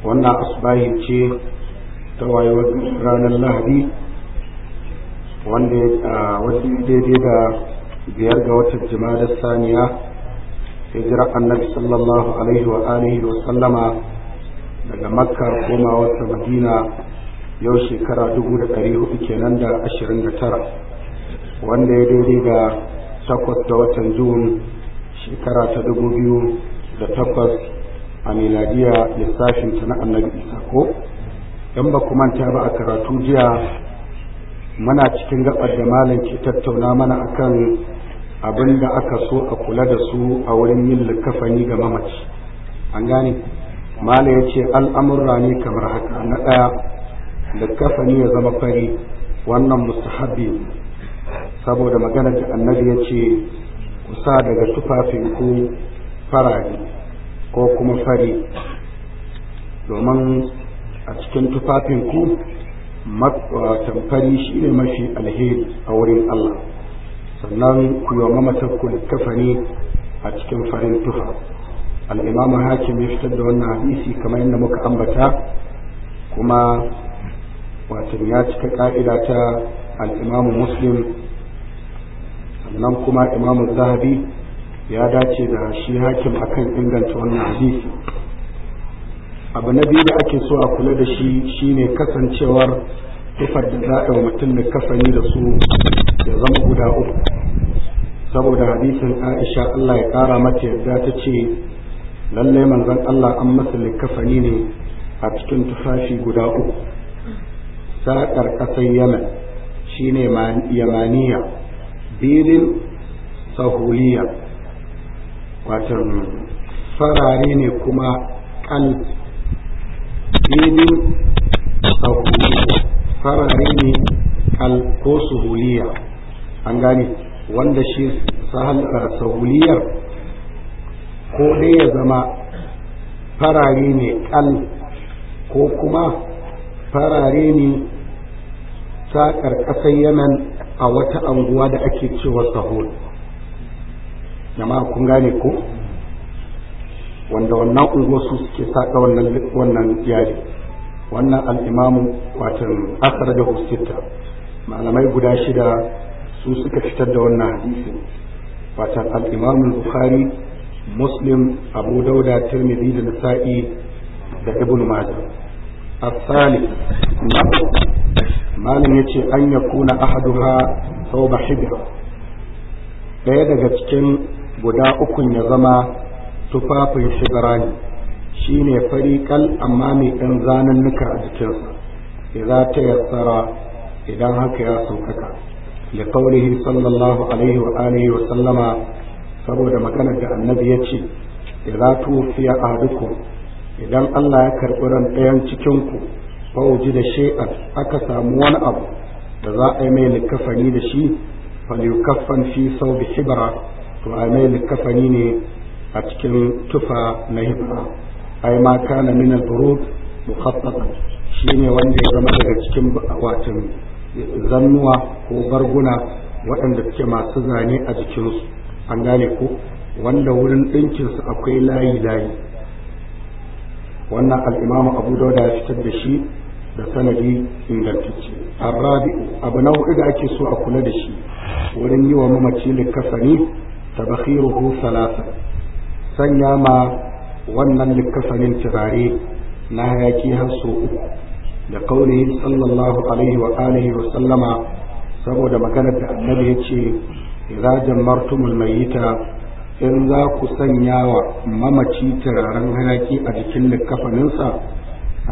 wannan asbahi ce ta wayewar ranar lahadi wanda wajen daidai da biyar ga watan jima'a saniya ya jira annabi sallallahu alaihi wa alihi wa sallama daga makka koma wata madina yau shekara dubu da ɗari hudu kenan da ashirin da tara wanda ya daidai da takwas da watan jun shekara ta dubu biyu da takwas a miladiya lissafin ta na annabi isa ko dan ba ku manta ba a karatu jiya muna cikin gabar da malam ke tattauna mana akan abin da aka so a kula da su a wurin yin likafani ga mamaci an gane mala ya ce al'amurra ne kamar haka na ɗaya likafani ya zama fari wannan mustahabbi saboda maganar da annabi ya ce kusa daga tufafin ku farare ko kuma fari domin a cikin tufafin tufafinku fari shi ne mafi alheri a wurin Allah sannan ku yi wa ku kafani a cikin farin tufa al'imamu hakim ya fitar da wannan hadisi kamar yadda muka ambata kuma watan ya cika ka'ida ta al'imamu muslim sannan kuma imamu zahabi ya dace da shi hakim akan inganta wannan hadisi abu na biyu da ake so a kula da shi shine kasancewar tufar da za a mutum da kasani da su ya zama guda uku saboda hadisin aisha allah ya ƙara mata yadda ta ce lallai manzon allah an masa likafani ne a cikin tufafi guda uku saƙar ƙasar yamen shine yamaniya birin sahuliya watan farare ne kuma kal farare ne kal ko suhuliya an gane wanda shi sahuliyar ko dai ya zama farare ne kal ko kuma farare ne saƙar ƙasar yamen a wata anguwa da ake cewa sahul jama'a kun gane ko wanda wannan ungo su suke saka wannan yari wannan al'imamu watan asara da hussita malamai guda shida su suka fitar da wannan hadisi watan al'imamin bukhari muslim abu dauda tirmidhi da nasa'i da ibn majah asali ce an ya أن يكون أحدها sau حجر ɗaya daga cikin guda ukun ya zama tufafin shigarani shi ne fariƙal amma mai ɗan zanannuka a jikinsa idza ta yassara idan haka ya saukaka li qawlihi sallallahu alaihi wa alihi wa sallama saboda maganar da annabi ya ce idza tufiya ahadukum idan Allah ya karɓi ran ɗayan cikin ku fauji da shay'an aka samu wani abu da za a yi mai likafani da shi falyukaffan fi sau bi hibra to a mai likafani ne a cikin tufa na hibba ai ma kana min al-burud mukhaffafa shine wanda ya zama daga cikin akwatin zannuwa ko barguna waɗanda suke masu zane a jikinsu an gane ko wanda wurin su akwai layi-layi wannan al-imam abu dauda ya fitar da shi da sanadi ingantacce abu na hudu da ake so a kula da shi wurin yi wa mamaci likafani tabakhiruhu salasa sanya ma wannan likafanin turare na hayaki har so uku da kauli sallallahu alaihi sallama saboda maganar da annabi ya ce idza jammartumul mayyita in za ku sanya wa mamaci turaren hayaki a jikin likafaninsa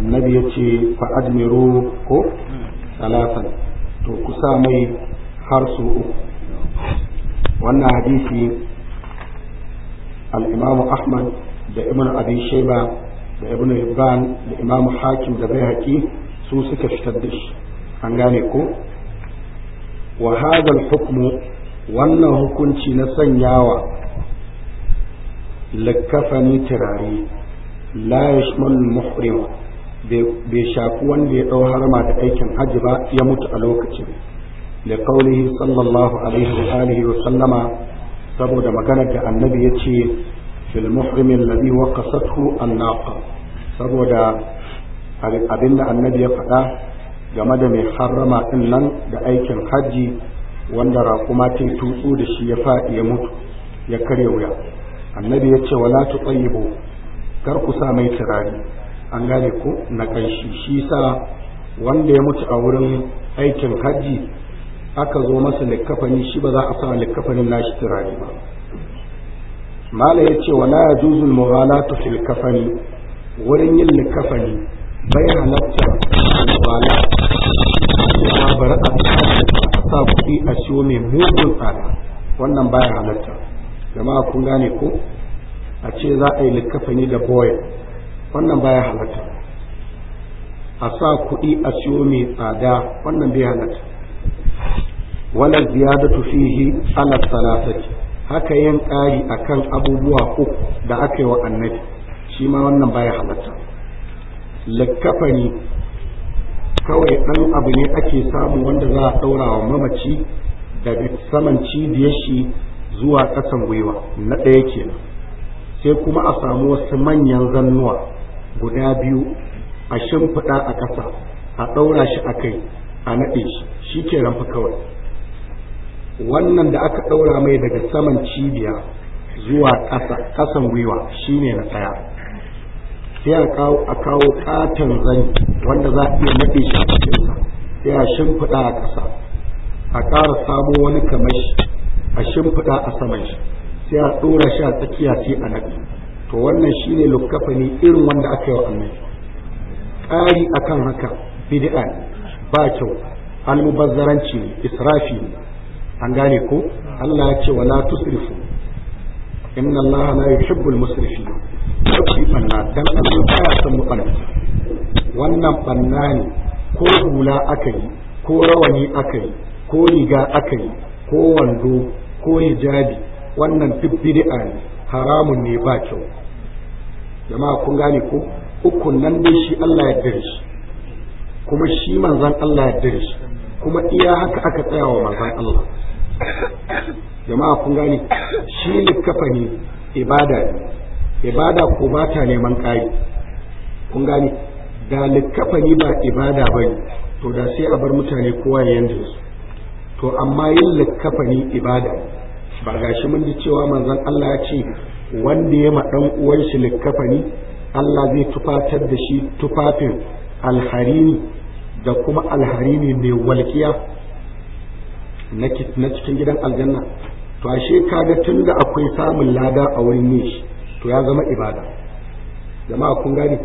annabi ya ce fa admiru ko salasan to ku sa mai har su uku wannan hadisi al imam ahmad da ibn abi shayba da ibn hibban da imamu hakim da baihaqi su suka fitar da shi an gane ko wa hadha hukmu wannan hukunci na sanyawa lakkafani turare la yashmal muhrim bai shafi wanda ya dau harma da aikin hajji ba ya mutu a lokacin da kauli sallallahu alaihi wa alihi wa sallama saboda magana da annabi ya ce fil muhrimin ladhi waqasathu an-naqa saboda abin da annabi ya faɗa game da mai harrama din nan da aikin hajji wanda raƙuma ta tutsu da shi ya faɗi ya mutu ya karye wuya annabi ya ce wala tu tayyibu kar ku sa mai turari an gane ko na kanshi shi sa wanda ya mutu a wurin aikin hajji. aka zo masa likkafani shi ba za a sa likkafanin nashi turare ba mala ya ce wala ya juzul muhalatu fil kafani wurin yin likkafani bai halatta wala ya bar a sa kuɗi a siyo mai mugun tsada wannan baya halatta jama'a kun gane ko a ce za a yi likkafani da boy wannan baya halatta a sa kuɗi a siyo mai tsada wannan bai halatta wala ziyadatu fihi ala salasati haka yin ƙari akan abubuwa uku da aka yi wa annabi shi ma wannan baya halatta lakkafani kawai ɗan abu ne ake samu wanda za a ɗaura wa mamaci daga saman cibiyar shi zuwa ƙasan gwiwa na ɗaya nan, sai kuma a samu wasu manyan zannuwa guda biyu a shimfiɗa a ƙasa a ɗaura shi a kai a naɗe shi shi ke kawai wannan da aka ɗaura mai daga saman cibiya zuwa ƙasan gwiwa shine na ɗaya sai a kawo ƙaton zani wanda za a iya maɗe shafafinsa sai a shimfiɗa a ƙasa a ƙara samo wani kamar shi a shimfiɗa a saman shi sai a ɗora shi a tsakiya sai a naɗi to wannan shine lukkafa ne irin wanda aka yi wa annabi ƙari kan haka bid'a ba kyau almubazzaranci ne israfi ne an gane ko Allah ya ce wala tusrifu inna Allah la yuhibbul musrifin shi banna dan Allah baya son mu banna wannan banna ne ko hula aka ko rawani aka ko riga aka ko wando ko hijabi wannan duk bid'a ne haramun ne ba kyau jama'a kun gane ko uku nan dai shi Allah ya dare shi kuma shi manzon Allah ya dare shi kuma iya haka aka tsaya wa manzon Allah jama'a kun gani shi likkafani ibada ibada ko ba ta neman ƙari kun gani da likafani ba ibada ba ne to da sai a bar mutane kowa ya yanzu to amma yin likafani ibada ba ga shi mun ji cewa manzon Allah ya ce wanda ya maɗan uwan shi likkafani Allah zai tufatar da shi tufafin alharini da kuma alharini mai walƙiya na cikin gidan aljanna to ashe kaga da akwai samun lada a wurin yin shi to ya zama ibada jama'a kun gane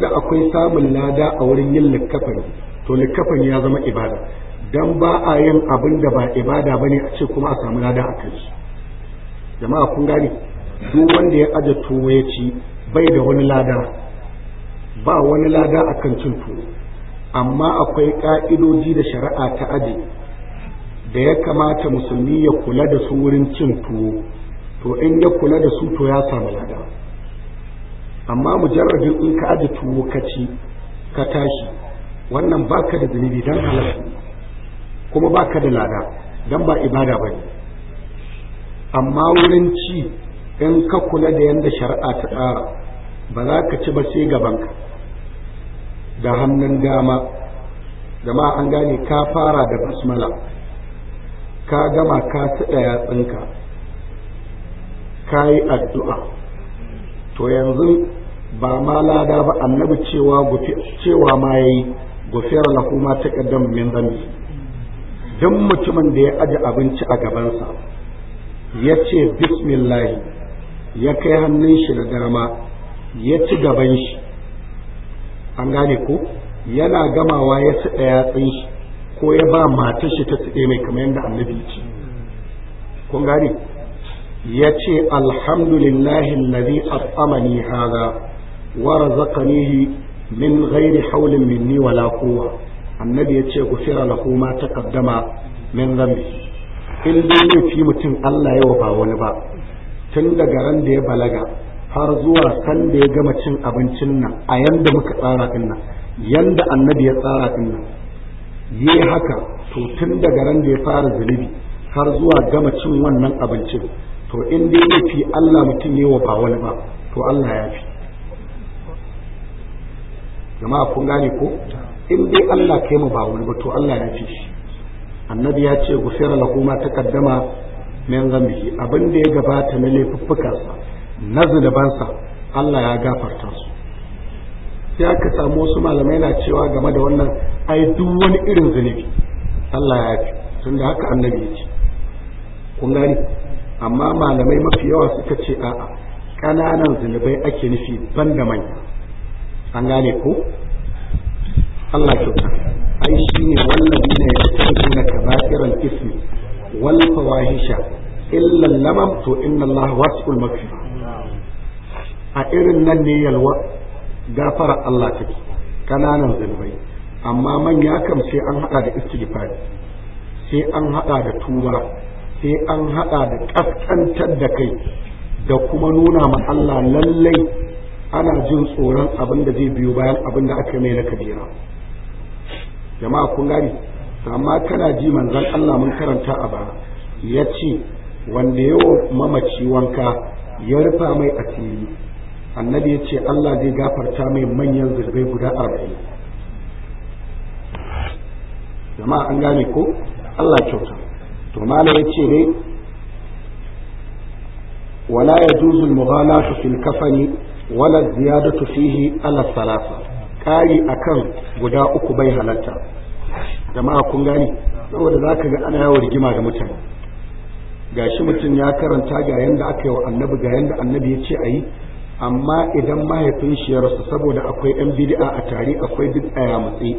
da akwai samun lada a wurin yin likkafani to likkafani ya zama ibada dan ba a yin abin da ba ibada ba ne a ce kuma a samu lada a kan shi jama'a kun gane duk wanda ya aje tuwo ya ci bai da wani lada ba wani lada akan cin tuwo amma akwai ka'idoji da shari'a ta aje da ya kamata musulmi ya kula da su wurin cin tuwo to in ya kula da su to ya samu lada amma mujarradin in ka aje tuwo ka ci ka tashi wannan baka da zunubi dan halal kuma baka da lada dan ba ibada ba ne. amma wurin ci in ka kula da yadda shari'a ta tsara ba za ka ci ba sai gabanka da hannun dama jama'a an gane ka fara da basmala ka gama ka taɗa yatsunka ka yi addu'a to yanzu ba ma lada ba annabi cewa cewa ma yi gufiyar kuma ta ƙaddam min zambi duk mutumin da ya aje abinci a gabansa ya ce bismillah ya kai hannun shi da dama ya ci gaban shi an gane ko yana gamawa ya ci ɗaya shi ko ya ba matar shi ta tsaye mai kamar yadda annabi ce kun gane ya ce alhamdulillahi alladhi at'amani hadha wa razaqanihi min ghairi hawlin minni wala quwwa annabi ya ce gufira lahu ma taqaddama min dhanbi in dai laifi mutum Allah ya ba wani ba tun daga ran da ya balaga har zuwa san da ya gama cin abincin nan a yanda muka tsara din nan yanda annabi ya tsara din nan yi haka to tun daga ran da ya fara zunubi har zuwa gama cin wannan abincin to in dai ya fi Allah mutum ne wa ba wani ba to Allah ya fi jama'a kun gane ko in dai Allah kai mu ba wani ba to Allah ya fi annabi ya ce gufira lahu ma taqaddama min zambihi abin da ya gabata na laifuffukansa na zunubansa Allah ya gafarta su sai aka samu wasu malamai na cewa game da wannan ai duk wani irin zunubi Allah ya fi tun da haka annabi ya ce kun gani amma malamai mafi yawa suka ce a'a ƙananan zunubai ake nufi ban da manya an gane ko Allah kyauta ai shi ne wannan ne ya ce na kaba'iran ismi wal fawahisha illa lamam to inna Allah wasul maghfirah a irin nan ne yalwa gafara Allah take kananan zunubai amma manya kam sai an hada da istighfar sai an hada da tuba sai an hada da kaskantar da kai da kuma nuna ma Allah lallai ana jin tsoron abin da zai biyo bayan abin da aka mai na kabira jama'a kun gani amma kana ji manzon Allah mun karanta a baya ya ce wanda yawo mamaci wanka ya rufa mai asiri annabi ya ce Allah zai gafarta mai manyan zurbai guda arba'in jama'a an gane ko Allah kyauta to mala ya ce dai wala ya juzul mughalatu fil kafani wala ziyadatu fihi ala salasa kai akan guda uku bai halatta jama'a kun gane saboda zaka ga ana yawo rigima da mutane gashi mutum ya karanta ga yanda aka yi wa annabi ga yanda annabi ya ce a yi amma idan mahaifin shi ya rasu saboda akwai yan bid'a a tare akwai duk a matsi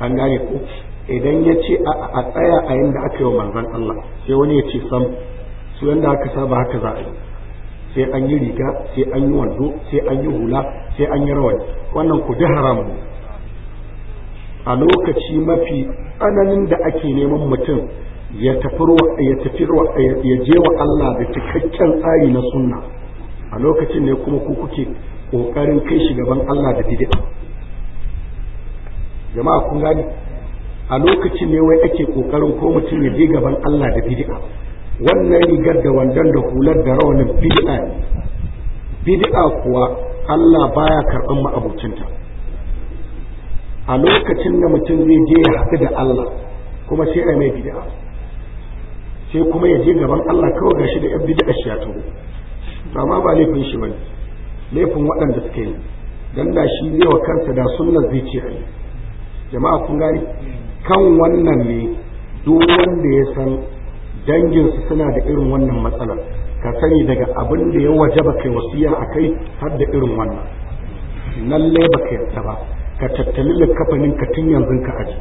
an gane ko idan ya ce a tsaya a da aka yi wa manzan Allah sai wani ya ce sam su yanda aka saba haka za a yi sai an yi riga sai an yi wando sai an yi hula sai an yi rawani wannan ku haram a lokaci mafi tsananin da ake neman mutum ya tafi ya je wa Allah da cikakken tsari na sunna a lokacin ne kuma ku kuke kokarin kai shi gaban Allah da bid'a jama'a kun gani a lokacin ne wai ake kokarin ko mutum ya je gaban Allah da bid'a wannan rigar da wandan da hular da rawanin bid'a ne bid'a kuwa Allah baya karɓar ma'abucinta a lokacin da mutum zai je ya haɗu da Allah kuma sai a mai bid'a sai kuma ya je gaban Allah kawai gashi da yan bid'a shi ya To amma ba laifin shi bane laifin waɗanda suka yi dan da shi zai wa kansa da sunnar zai ce jama'a kun gani kan wannan ne duk wanda ya san danginsu suna da irin wannan matsalar ka sani daga abin da ya waje ba kai wasiya a kai har da irin wannan lallai ba ka yarda ba ka tattali likafanin ka tun yanzu ka aji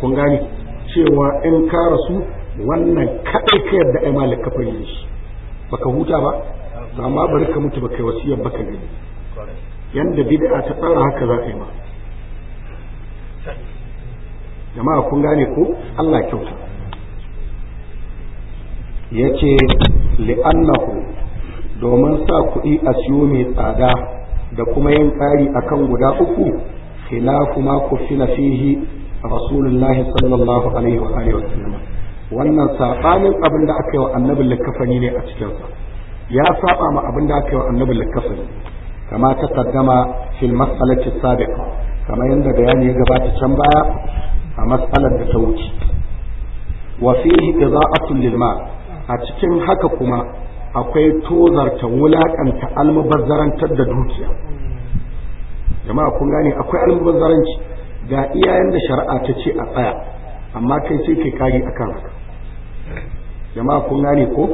kun gane cewa in ka rasu wannan kaɗai ka yarda ai ma likafani shi baka huta ba amma bari ka mutu ba kai wasiyar ba ka gani yanda bid'a ta tsara haka za ka yi ma jama'a kun gane ko Allah kyauta yace li'annahu domin sa kuɗi a siyo mai tsada da kuma yin ƙari akan guda uku khilafu ma kufina fihi rasulullahi sallallahu alaihi wa alihi wasallam wannan sabanin abin da aka yi wa annabin likafani ne a cikinsa ya saba ma abin da aka yi wa annabin likafani kama ta kaddama fil mas'alati sabiqa kamar yadda bayani ya gabata can baya a matsalar da ta wuce wa fihi idza'atun lil a cikin haka kuma akwai tozarta wulakanta almubazzarantar da dukiya jama'a kun gane akwai almubazzaranci ga iyayen da shari'a ta ce a tsaya amma kai sai kai kari akan haka jama'a kun gane ko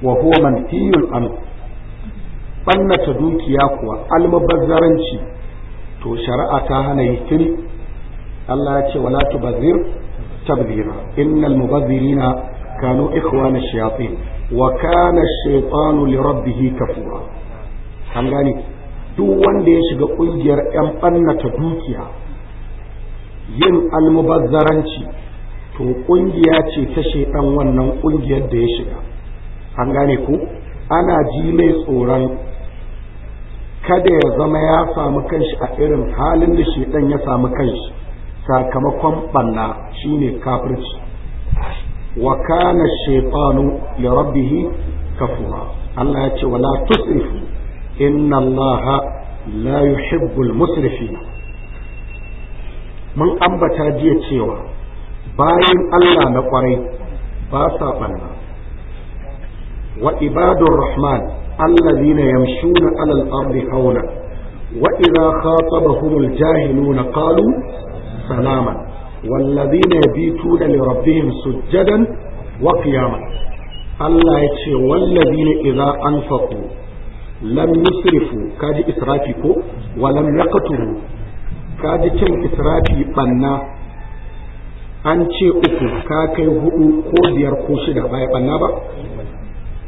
wa huwa manfiyul amin ɓannata dukiya kuwa almubazzaranci to shari'a ta hana yi Allah ya ce wala tubazzir tabzira innal mubazzirina kanu ikhwana shayatin wa kana shaytanu li rabbih kafura an gane duk wanda ya shiga ƙungiyar yan bannata dukiya yin almubazzaranci to ƙungiya ce ta shaidan wannan kungiyar da ya shiga an gane ku ana ji mai tsoron kada ya zama ya samu kanshi a irin halin da shaidan ya samu kanshi sakamakon banna shine kafirci wa kana shaytanu li rabbih kafura Allah ya ce wala tusrifu inna Allah la yuhibbul musrifin mun ambata jiya cewa bayan Allah na kwarai ba sa banna wa ibadur rahman allazina yamshuna alal ardi hawla wa idza khatabahumul jahiluna qalu سلاما والذين يبيتون لربهم سجدا وقياما الله يتشي والذين إذا أنفقوا لم يسرفوا كاد إسرافكو ولم يقتلوا كاد كم إسرافي بنا an ce uku ka kai hudu ko biyar ko shida baya banna ba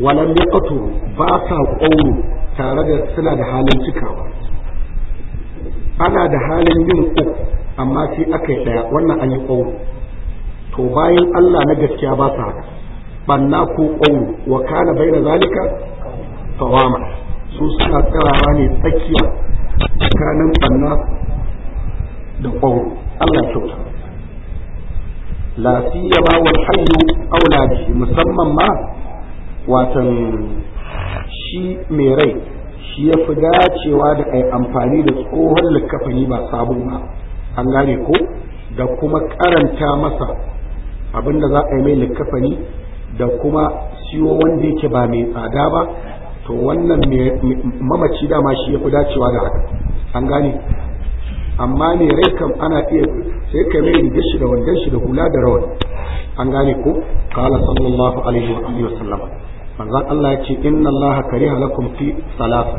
walam yaqtu ba sa qawlu tare da suna da halin cikawa ana da halin yin uku amma sai aka yi ɗaya wannan an yi ƙauru to bayan Allah na gaskiya ba su haka banna ko ƙauru wa kana bai na zalika tawama su suna tsarawa ne tsakiya tsakanin banna da ƙauru Allah ya kyauta lafiya ma wal hayyu aula musamman ma watan shi mai rai shi ya fi dacewa da ai amfani da tsohon likafani ba sabon ba an gane ko da kuma karanta masa abinda za a yi mai likafani da kuma siyo wanda yake ba mai tsada ba to wannan mamaci dama shi ya fi dacewa da haka an gane amma ne rai kam ana iya sai ka mai rigar shi da wandan shi da hula da rawan an gane ko qala sallallahu alaihi wa alihi wasallam manzon Allah ya ce inna Allah kariha lakum fi salasa.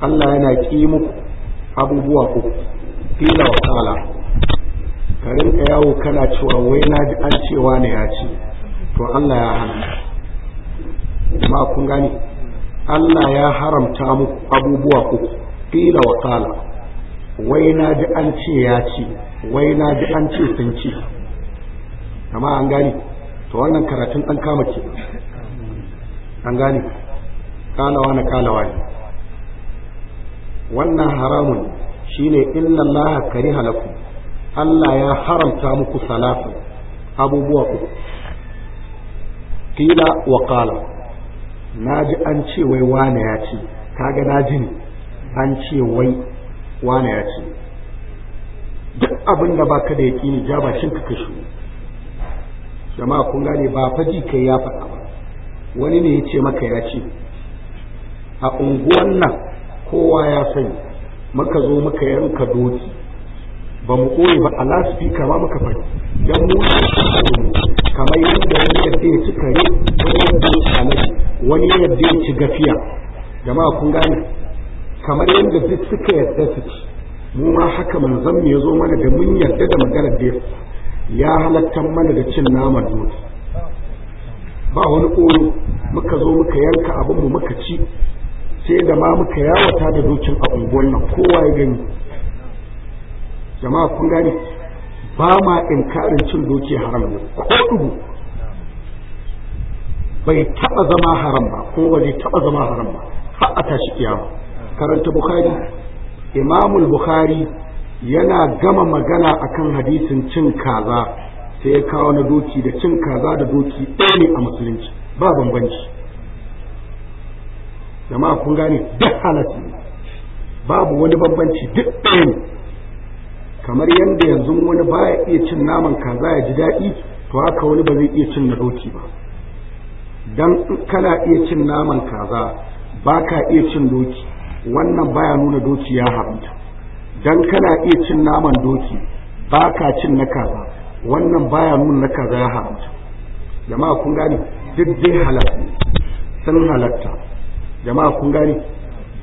Allah yana ki muku abubuwa uku kila wa ta'ala ka rinka yawo kana cewa wai na ji an cewa ne ya ce to Allah ya hana ma kun gani Allah ya haramta muku abubuwa uku kila wa ta'ala wai na ji an ce ya ce wai na ji an ce sun ce amma an gani to wannan karatun an kama ke an gani kalawa na kalawa ne wannan haramun shine inna allaha kariha lakum Allah ya haramta muku salatu abubuwa uku kila wa qala naji an ce wai wane ya ce kaga na ne an ce wai wane ya ce duk abin da baka da yaƙini ja bashin ka kashe jama'a kun gane ba faji kai ya faɗa ba wani ne ya ce maka ya ce a unguwan nan kowa ya sani muka zo muka yanka doki ba mu koyi ba a lasfi kama muka fari don mu kamar yadda wani yadda ya ci kare wani yadda ya ci wani yadda ya ci gafiya jama'a kun gane kamar yadda duk suka yadda su ci mu ma haka manzon mu ya zo mana da mun yadda da maganar da ya halatta mana da cin nama doki ba wani koyo muka zo muka yanka abinmu muka ci sai da ma muka yawata da dokin a unguwan nan kowa ya gani jama'a kun gani ba ma inkarin cin doki haram ne ko dubu bai taba zama haram ba ko ba taba zama haram ba har a tashi kiyama karanta bukhari imamul bukhari yana gama magana akan hadisin cin kaza sai ya kawo na doki da cin kaza da doki ɗaya ne a musulunci ba bambanci jama'a kun gane duk halatti babu wani bambanci duk ɗaya ne kamar yadda yanzu wani baya iya cin naman kaza ya ji daɗi to haka wani ba zai iya cin na ɗauki ba dan kana iya cin naman kaza ba ka iya cin doki wannan baya nuna doki ya haramta dan kana iya cin naman doki ba ka cin na kaza wannan baya nuna na kaza ya haramta jama'a kun gane duk dai halatta sun halatta jama'a kun gane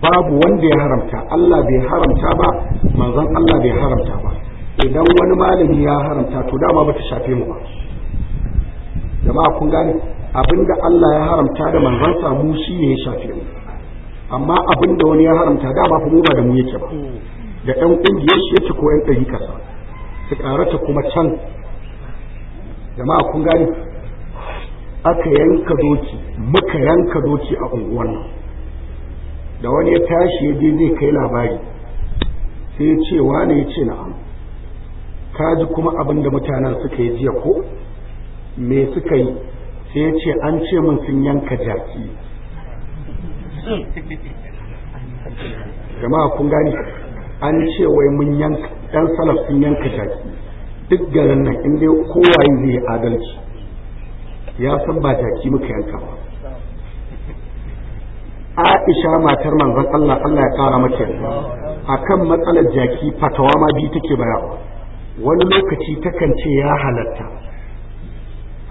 babu wanda ya haramta Allah bai haramta ba manzon Allah bai haramta ba idan wani malami ya haramta to dama bata shafe mu ba jama'a kun gane abinda Allah ya haramta da manzon sa mu shi ne ya shafe mu amma abinda wani ya haramta dama fa mu ba da mu yake ba da ɗan ƙungiyar shi yake ko ɗan ɗari sa su ƙarata kuma can jama'a kun gane aka yanka doki muka yanka doki a unguwar nan da wani ya tashi ya je zai kai labari sai ce wane ya ce na'am ka ji kuma abin da mutanen suka yi jiya ko me suka yi sai ya ce an ce min sun yanka jaki jama'a kun gani an ce wai mun yanka dan salaf sun yanka jaki duk garin nan inda kowa zai yi adalci ya san ba jaki muka yanka ba Aisha matar manzon Allah Allah ya kara mace akan matsalar jaki fatawa ma bi take bayarwa wani lokaci takan ce ya halatta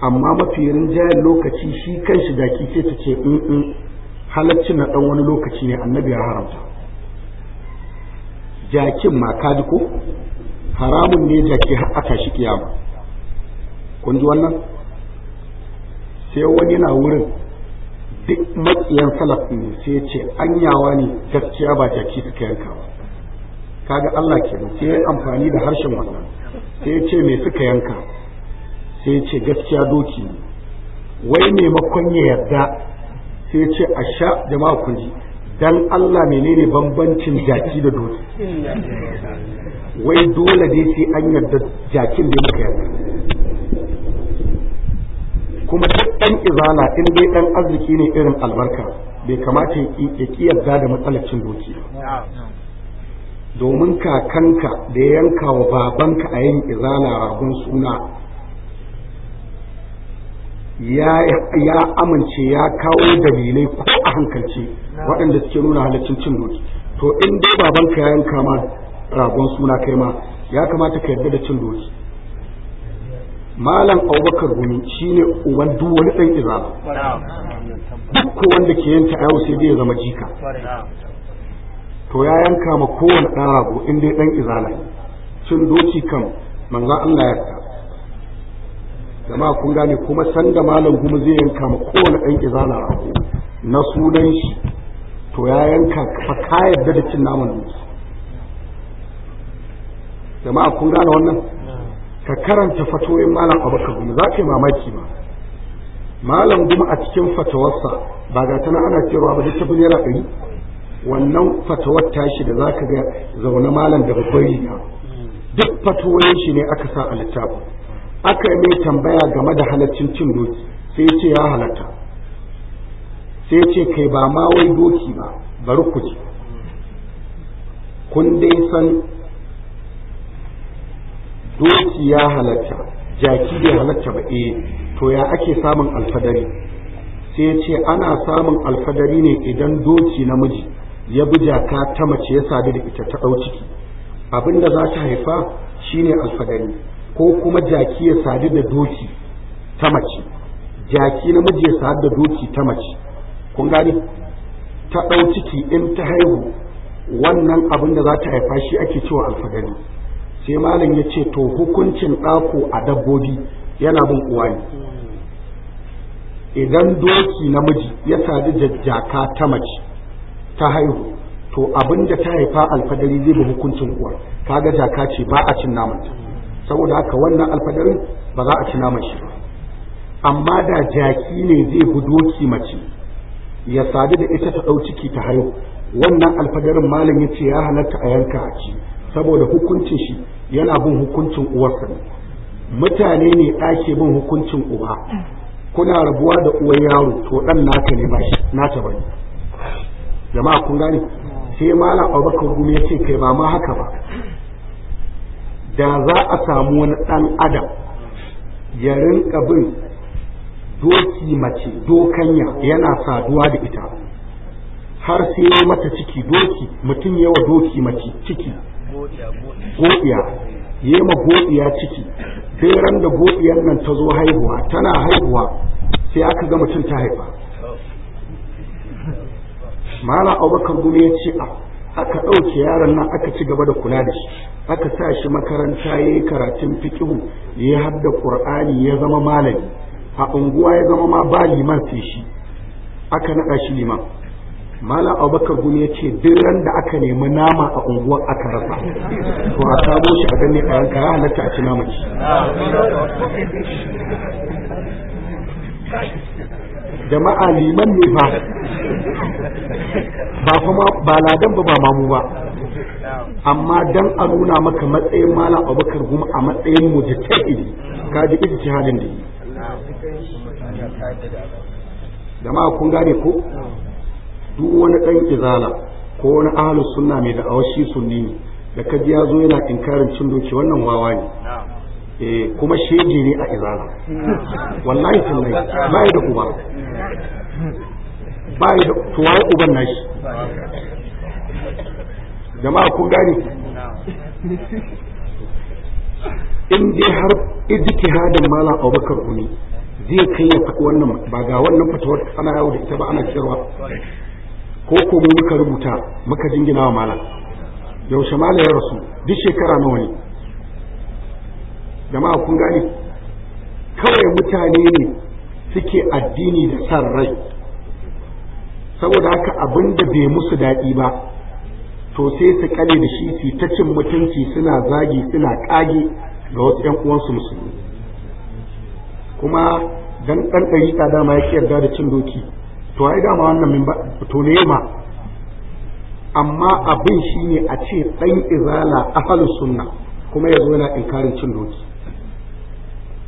amma mafi rinjayen lokaci shi kanshi jaki ce ta ce in in halarci na dan wani lokaci ne annabi ya haramta jakin ma ka ko haramun ne jaki har aka shi kiyama kun ji wannan sai wani na wurin duk matsiyan salaf ne sai ya ce anyawa ne gaskiya ba jaki suka yanka ba kaga Allah ke sai ya amfani da harshen wannan sai ya ce me suka yanka sai ya ce gaskiya doki ne wai maimakon ya yarda sai ya ce a sha jama'a ku ji dan Allah menene bambancin jaki da doki wai dole dai sai an yarda jakin da muka yanka? kuma duk ɗan izana in dai ɗan arziki ne irin albarka bai kamata ya ƙi yarda da matsalar cin doki domin kakanka da ya yanka wa babanka a yin izana ragon suna ya amince ya kawo dalilai ko a hankalci waɗanda suke nuna halaccin cin doki to in dai babanka ya yanka ma ragon suna kai ma ya kamata ka yarda da cin doki malam abubakar gumi shine uban duk wani dan izala duk ko wanda ke yanka yau sai dai ya zama jika to ya yanka ma kowane dan rago in dai dan izala cin doki kan manzo Allah ya yarda jama'a kun gane kuma sanda malam gumi zai yanka ma kowane dan izala rago na sunan shi to ya yanka fa ka yarda da cin naman doki jama'a kun gane wannan ka karanta fatoyin malam abubakar gumi za ka yi mamaki ba malam gumi a cikin fatawarsa ba ga tana ana cewa ba littafin yana ɗari wannan fatawar tashi da za ka ga zaune malam da babbar riga duk fatoyin shi ne aka sa a littafin aka yi tambaya game da halaccin cin doki sai ce ya halatta sai ce kai ba ma wai doki ba bari ku ji kun dai san doki ya halatta jaki ya halatta ba eh to ya ake samun alfadari sai ce ana samun alfadari ne idan doki namiji ya bi jaka ta mace ya sadu da ita ta ɗau ciki abinda za ta haifa shine alfadari ko kuma jaki ya sadu da doki ta mace jaki namiji ya sadu da doki ta mace kun gane ta ɗau ciki in ta haihu wannan abin da za ta haifa shi ake cewa alfadari sai malam ya ce to hukuncin ɗako a dabbobi yana bin uwa ne idan doki namiji ya sadu jajjaka ta mace ta haihu to abin da ta haifa alfadari zai bi hukuncin uwa kaga jaka ce ba a cin naman saboda haka wannan alfadarin ba za a ci naman shi ba amma da jaki ne zai bu doki mace ya sadu da ita ta ɗau ciki ta haihu wannan alfadarin malam ya ce ya halatta a yanka a ci saboda hukuncin shi yana bin hukuncin uwarsa ne mutane ne ɗake bin hukuncin uba kuna rabuwa da uwar yaro to dan naka ne ba shi nata bane jama'a kun gane sai malam abubakar gumi ya ce kai ba ma haka ba da za a samu wani dan adam ya rinka bin doki mace dokanya yana saduwa da ita har sai mata ciki doki mutum yawa doki mace ciki godiya yi ma godiya ciki sai ran da godiyar nan ta zo haihuwa tana haihuwa sai aka ga mutum ta haifa mala abubakar gumi ya ce a aka ɗauke yaron nan aka ci gaba da kula da shi aka sa shi makaranta ya yi karatun fikihu ya hadda ƙur'ani ya zama malami a unguwa ya zama ma ba liman sai shi aka naɗa shi liman malam abubakar gumi ya ce duk da aka nemi nama a unguwar aka rasa to a samo shi a ganin a yanka ya halatta a ci nama ci jama'a liman ne ba ba kuma ba ladan ba ba mamu ba amma dan a nuna maka matsayin malam abubakar gumi a matsayin mujtahidi ka ji ita halin da yi jama'a kun gane ko duk wani dan izala ko wani ahlus sunna mai da awashi sunni ne da kaji ya zo yana inkarin cin doki wannan wawa ne eh kuma shege ne a izala wallahi tallahi bai da uba bai da tuwaye uban nashi jama'a kun gane in dai har ijtihadin malam Abubakar kuni zai kai ya wannan ba ga wannan fatawar ana yawo da ita ba ana kirwa ko ko mu muka rubuta muka jingina wa malam yaushe malam ya rasu duk shekara nawa ne jama'a kun gane kawai mutane ne suke addini da san rai saboda haka abin da bai musu daɗi ba to sai su kale da shi su ta cin mutunci suna zagi suna ƙage ga wasu ƴan uwansu musulmi kuma dan ɗan ɗari dama ya yarda da cin doki to ai dama wannan min to ne ma amma abin shine a ce dan izala ahlus sunna kuma yazo yana inkarin cin doki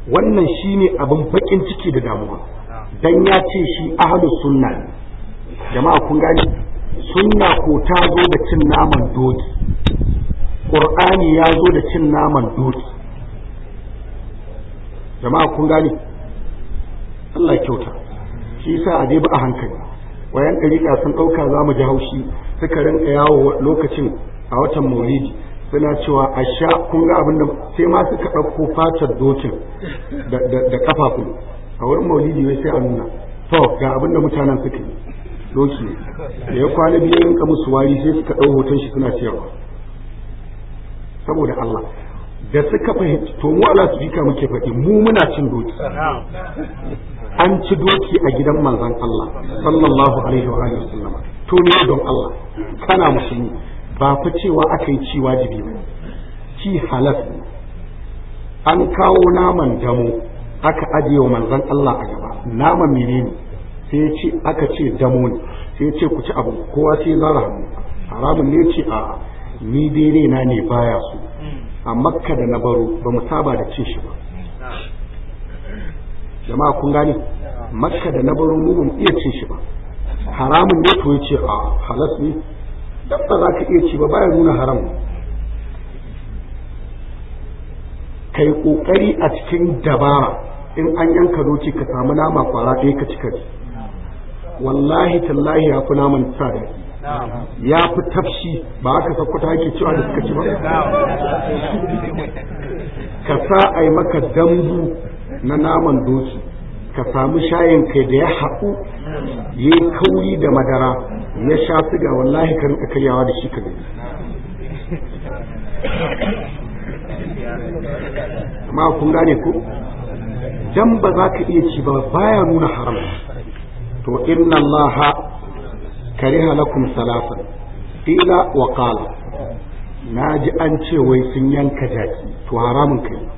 wannan shine abin bakin ciki da damuwa dan ya ce shi ahlus sunna jama'a kun gani sunna ko ta zo da cin naman doki qur'ani ya zo da cin naman doki jama'a kun gani Allah kyauta shi sa a je ba a hankali wayan ɗariƙa sun ɗauka za mu ji haushi suka rinka yawo lokacin a watan maulidi suna cewa a sha kun ga abin da sai ma suka ɗauko fatar dokin da kafafun a wurin maulidi wai sai a nuna to ga abin da mutanen suka yi doki da ya kwana biyu rinka musu wari sai suka ɗau hoton shi suna siyarwa saboda Allah da suka fahimci to mu ala su muke faɗi mu muna cin doki an ci doki a gidan manzon Allah sallallahu alaihi wa sallam to ne don Allah kana musulmi ba fa cewa aka yi ci wajibi ba ci halal an kawo naman damo aka ajiye wa manzon Allah a gaba naman menene sai ce aka ce damo ne sai ce ku ci abu kowa sai zara hannu haramun ne ce a ni dai na ne baya su a makka da na baro ba mu saba da cin shi ba jama'a kun gane makka da na baro mu iya cin shi ba haramun ne to yace a ah, halas ne dan ba za ka iya ci ba baya nuna haram kai kokari a cikin dabara in an yanka doki ka samu nama kwara ɗaya ka cika wallahi tallahi ya fi naman sa ya fi tafshi ba aka kuta yake cewa da suka ci ba ka sa a yi maka dambu na naman doki ka samu shayin kai da ya haɗu ya yi kauri da madara ya sha siga wallahi ka rinka karyawa da shi ka gani amma kun gane ko dan ba za ka iya ci ba baya nuna haram to inna allaha kariha lakum salatan qila wa qala na ji an ce wai sun yanka jaki to haramun kai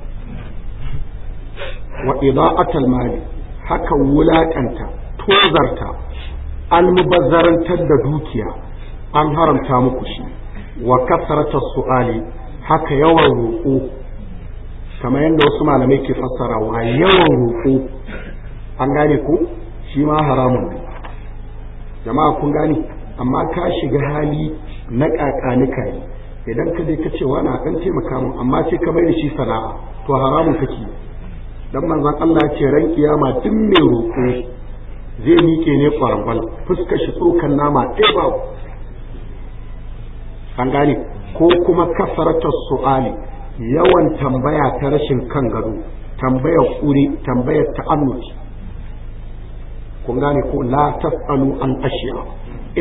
wa ida'atul mali haka wulakanta tozarta almubazzarantar da dukiya an haramta muku shi wa kasarata su'ali haka yawan roƙo kamar yadda wasu malamai ke fassara wa yawan roƙo an gane ko shi ma haramun ne jama'a kun gane amma ka shiga hali na kakanika ne idan ka je ka ce wani a ɗan taimaka mun amma sai ka bayar da shi sana'a to haramun kake dan manzon Allah ce ran kiyama duk mai roƙo zai mike ne kwarangwal fuskar shi tsokan nama ɗaya ba an gane ko kuma kasaratar su'ali yawan tambaya ta rashin kan gado tambayar kuri tambayar ta'annuci kun gane ko la tas'alu an ashiya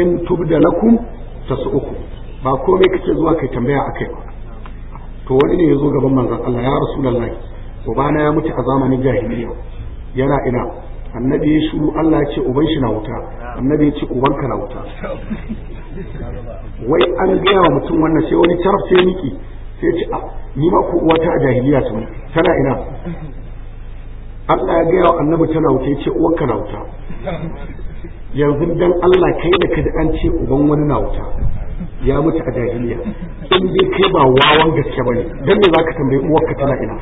in tubda lakum tas'uku ba komai kace zuwa kai tambaya akai ba to wani ne ya zo gaban manzon Allah ya rasulullahi ubana ya mutu a zamanin jahiliya yana ina annabi ya shuru Allah ya ce uban shi na wuta annabi ya ce ka na wuta wai an gaya wa mutum wannan sai wani tarfe miki sai ce a ah, ni ma ku uwata a jahiliya su tana ina Allah ya gaya wa annabi tana wuta ya ce ka na wuta yanzu dan Allah kai da kada an ce uban wani na wuta ya mutu a jahiliya in dai kai ba wawan gaske bane dan me zaka tambayi ka tana ina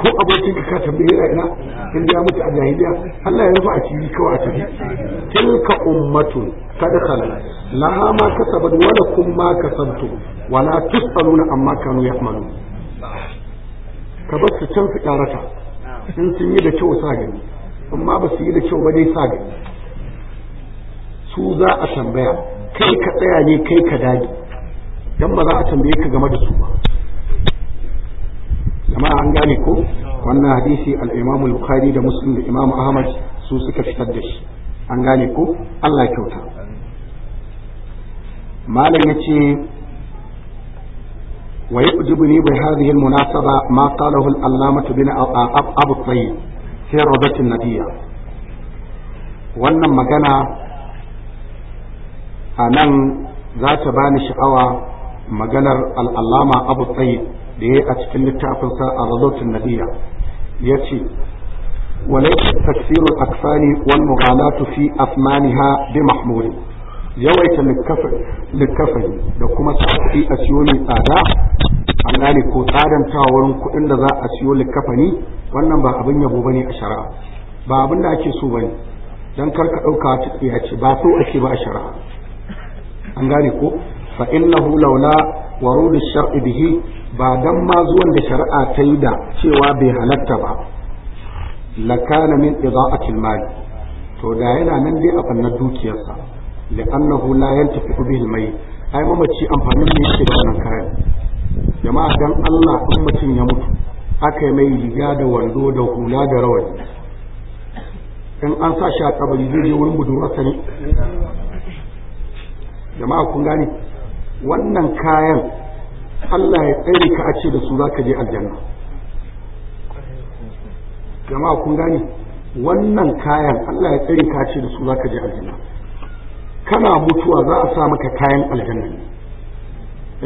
ko abokin ka tambaye ina ina in ya mutu a jahiliya Allah ya rufa a cikin kawai a tafi tilka ummatun kad khalat laha ma kasabat wa lakum ma kasabtum wa la tusaluna amma kanu ya'malun ka ba su can fi karata in sun yi da kyau sa gani amma ba su yi da kyau ba dai sa gani su za a tambaya kai ka tsaya ne kai ka dage don ba za a tambaye ka game da su ba jama'a an gane ko wannan hadisi al bukhari da Muslim da Imam Ahmad su suka fitar da shi an gane ko Allah ya kyauta malam yace wa yujibuni bi hadhihi al-munasaba ma qalahu al-allamah bin Abu Tayyib sai rawdat Nadiya, wannan magana a nan za ta bani sha'awa maganar al'allama abu tsayi da ya a cikin littafinsa a razotun nadiya ya ce وليس تكسير الأكفان والمغالاة في bi بمحمول yawaita likafani da kuma kuɗi a siyo mai tsada an gane ko tsadantawa wurin kuɗin da za a siyo likafani wannan ba abin yabo bane a shari'a ba abin da ake so bane dan karka ɗauka ta tsiyaci ba so ake ba a shari'a an gane ko fa innahu laula warudu shar'i bihi ba dan ma zuwan da shari'a ta yi da cewa bai halatta ba lakana min a mali to da yana nan dai a fannar dukiyarsa li'annahu la yantafi bihi al mai, ai mamaci amfani ne yake da wannan kayan jama'a dan Allah in mutum ya mutu aka yi mai riga da wando da hula da rawani in an sa shi a kabari zai je wurin budurarsa ne jama'a kun gane wannan kayan Allah ya tsare ka a ce da su za ka je aljanna jama'a kun gane wannan kayan Allah ya tsare ka a ce da su za ka je aljanna kana mutuwa za a sa maka kayan aljanna ne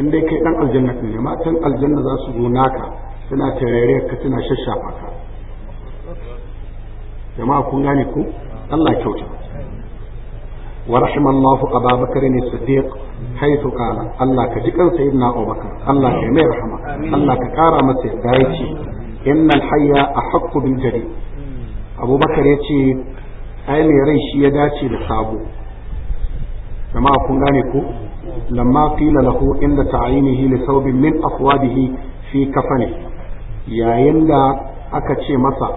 in dai kai dan aljanna ne matan aljanna za su zo naka suna tarare ka suna shashafa ka jama'a kun gane ku Allah kyauta ورحم الله أبا بكر الصديق حيث قال الله كجكن سيدنا أبو بكر الله كمي رحمة الله ككارة مسيح دايتي إن الحي أحق بالجري أبو بكر يتي أين يريش يداتي لصابو كما أكون ذلك لما قيل له إن تعيينه لثوب من أفواده في كفنه يا يندا أكتشي مسا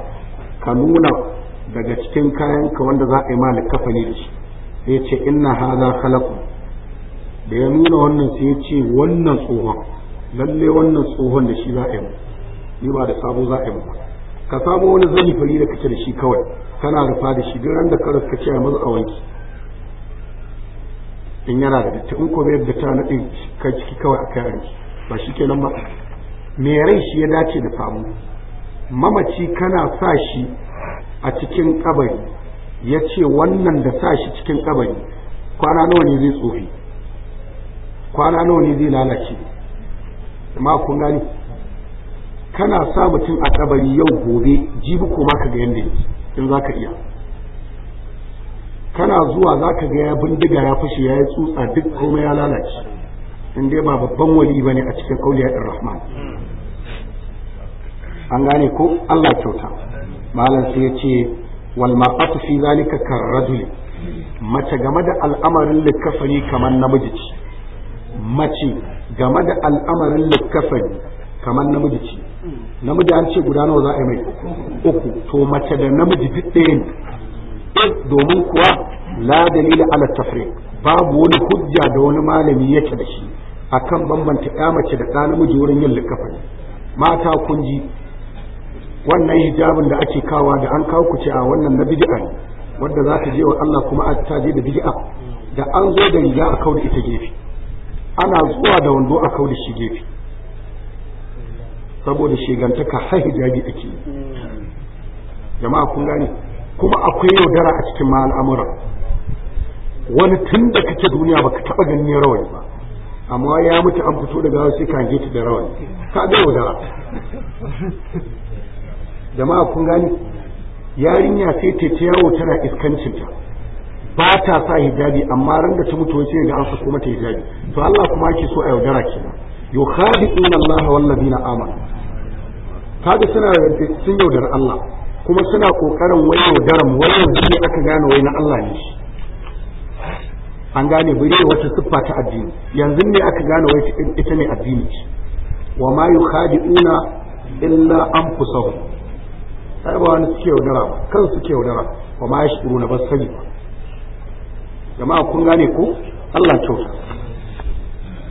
ka nuna daga cikin kayanka wanda za a yi ma kafani da shi sai ce inna hada khalaqu da ya nuna wannan sai ya ce wannan tsohon lalle wannan tsohon da shi za a yi ni ba da sabo za a yi ba ka samu wani zai fari da kace da shi kawai kana rufa da shi duk da ka kace a maza a wanki in yana da datti in ko bai da ta nadi ka ciki kawai a kai ba shi kenan ba me rai shi ya dace da sabo? mamaci kana sa shi a cikin kabari ya ce wannan da sa shi cikin kabari kwana nawa ne zai tsofi kwana nawa ne zai lalace amma kun gani kana sa mutum a kabari yau gobe jibi ko maka ka ga yanda yake in za ka iya kana zuwa za ka ga ya bindiga ya fashe ya yi tsutsa duk komai ya lalace in dai ba babban wali ba ne a cikin kauliyar rahman an gane ko allah kyauta malam sai ya ce wal mar'atu fi zalika karrajul mace game da al'amarin likafani kamar namiji mace game da al'amarin likafani kamar namiji namiji an ce guda nawa za a yi mai uku to mace da namiji duk eh, domin kuwa la dalila ala tafriq babu wani hujja da wani malami yake da shi akan bambanta ya mace da ɗa namiji wurin yin likafani mata kun ji wannan hijabin da ake kawa da an kawo ku ce a wannan na bid'a ne wanda za ta je wa Allah kuma a ta je da bid'a da an zo da riga a kawo ita gefe ana zuwa da wando a kawo shi gefe saboda shegantaka har hijabi ake yi jama'a kun gane kuma akwai yaudara a cikin ma al'amura wani tun da kake duniya baka taba ganin rawani ba amma ya mutu an fito daga wasu kan ta da rawani ka ga yaudara jama'a kun gani yarinya sai ta ta yawo tana iskancin ta ba ta sa hijabi amma ran da ta mutu sai ga an kuma mata hijabi to Allah kuma yake so a yaudara kenan yukhadi'una Allah wal ladina amanu kaga suna sun yaudara Allah kuma suna kokarin wai yaudaran wannan ne aka gane wai na Allah ne shi an gane bai wata siffa ta addini yanzu ne aka gane wai ita ne addini wa ma yukhadi'una illa anfusahum sai wani suke yaudara ba kan suke yaudara ba ma ya shi na ba sani ba jama'a kun gane ko Allah kyauta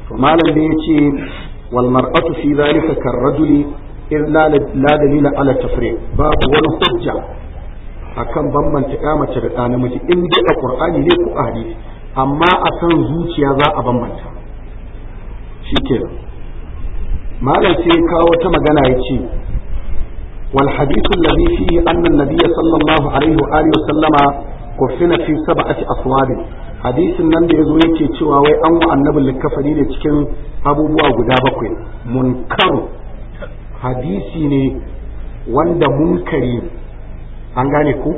to malam da yace wal mar'atu fi zalika kar rajuli illa la dalila ala tafriq babu wani hujja akan bambanta ya mace da ɗa namiji in dai a qur'ani ne ko a hadisi amma a san zuciya za a bambanta Shi ke malam sai kawo ta magana ya ce. والحديث الذي فيه أن النبي صلى الله عليه وآله وسلم كفن في سبعة أصواب حديث nan da ya zo yake cewa wai an wa أبو بوا cikin abubuwa guda bakwai munkari an gane ku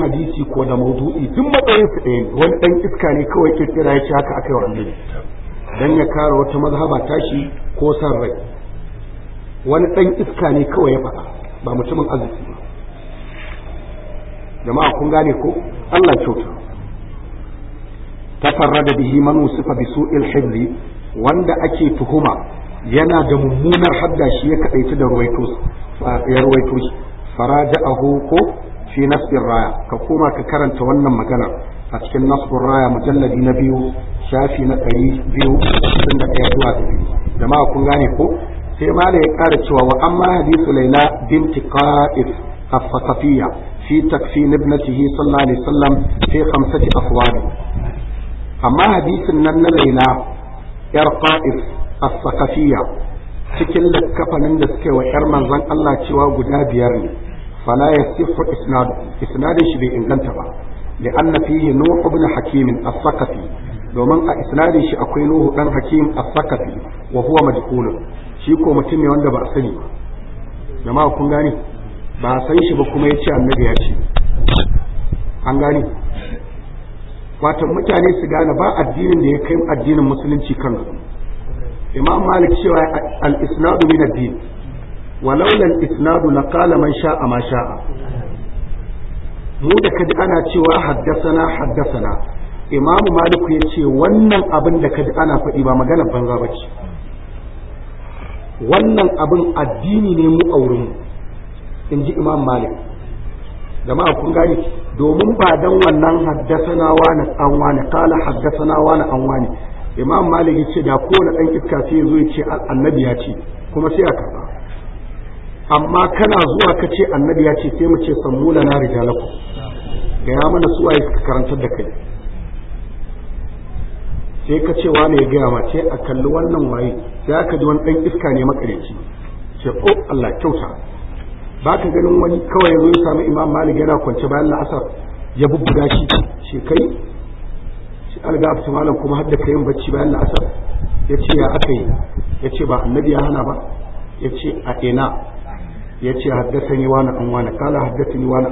hadisi ko da maudu'i duk matsayin su ɗaya wani ɗan iska ne kawai kirkira ya ci haka aka yi wa dan ya kare wata mazhaba tashi ko san wani ɗan iska ne kawai ya faɗa ba mutumin arziki ba jama'a kun gane ko Allah kyauta tafarrada bihi man usifa bi su'il hibli wanda ake tuhuma yana da mummunar hadda shi ya kadaita da ruwaito ya ruwaito shi faraja'ahu ko fi raya ka koma ka karanta wannan magana a cikin nasbir raya mujalladi na biyu shafi na ɗari biyu da ɗaya zuwa da biyu jama'a kun gane ko sai mala ya ƙara cewa wa amma hadithu laila binti qa'if as-saqafiyya fi takfin ibnatihi sallallahu alaihi wasallam fi khamsati afwad amma hadisin nan na laila yar qa'if as cikin lakafanin da suke wa yar manzon Allah cewa guda biyar ne fala yasihu isnadu isnadin shi bai inganta ba لأن فيه نوح بن حكيم sakafi? domin a isnadin shi akwai nuhu dan hakim as-sakafi wa huwa majhul shi ko mutum ne wanda ba a sani ba jama'a kun gane ba a san shi ba kuma yace annabi ya ce an gane wato mutane su gane ba addinin da ya kai addinin musulunci kan imam malik cewa al-isnadu min ad-din ولولا الإسناد لقال man sha'a. ma sha'a mu da kaji ana cewa haddasa na. imamu maliku ya ce wannan abin da kaji ana faɗi ba magana banza ba ce wannan abin addini ne mu a wurin in ji imam malik jama'a kun gane domin ba dan wannan haddasana wani an wani kala haddasana wani an wani imam malik ya ce da kowane ɗan iska sai ya zo ya ce annabi ya ce kuma sai a karɓa amma kana zuwa ka ce annabi ya ce sai mu ce sammula na rijalaku ga ya mana suwaye suka karantar da kai sai ka ce wane ya gaya mace a kalli wannan waye sai aka ji wani ɗan iska ne makareci ce ko oh, Allah kyauta ba ka ganin wani kawai yazo ya samu imam malik yana kwance bayan la'asar ya bubbuga shi ce kai shi algafta malam kuma hadda ka yin bacci bayan la'asar ya ce ya aka yi ya ce ba annabi ya hana ba ya ce a ina yace haddathani wani an wani kala haddathani wani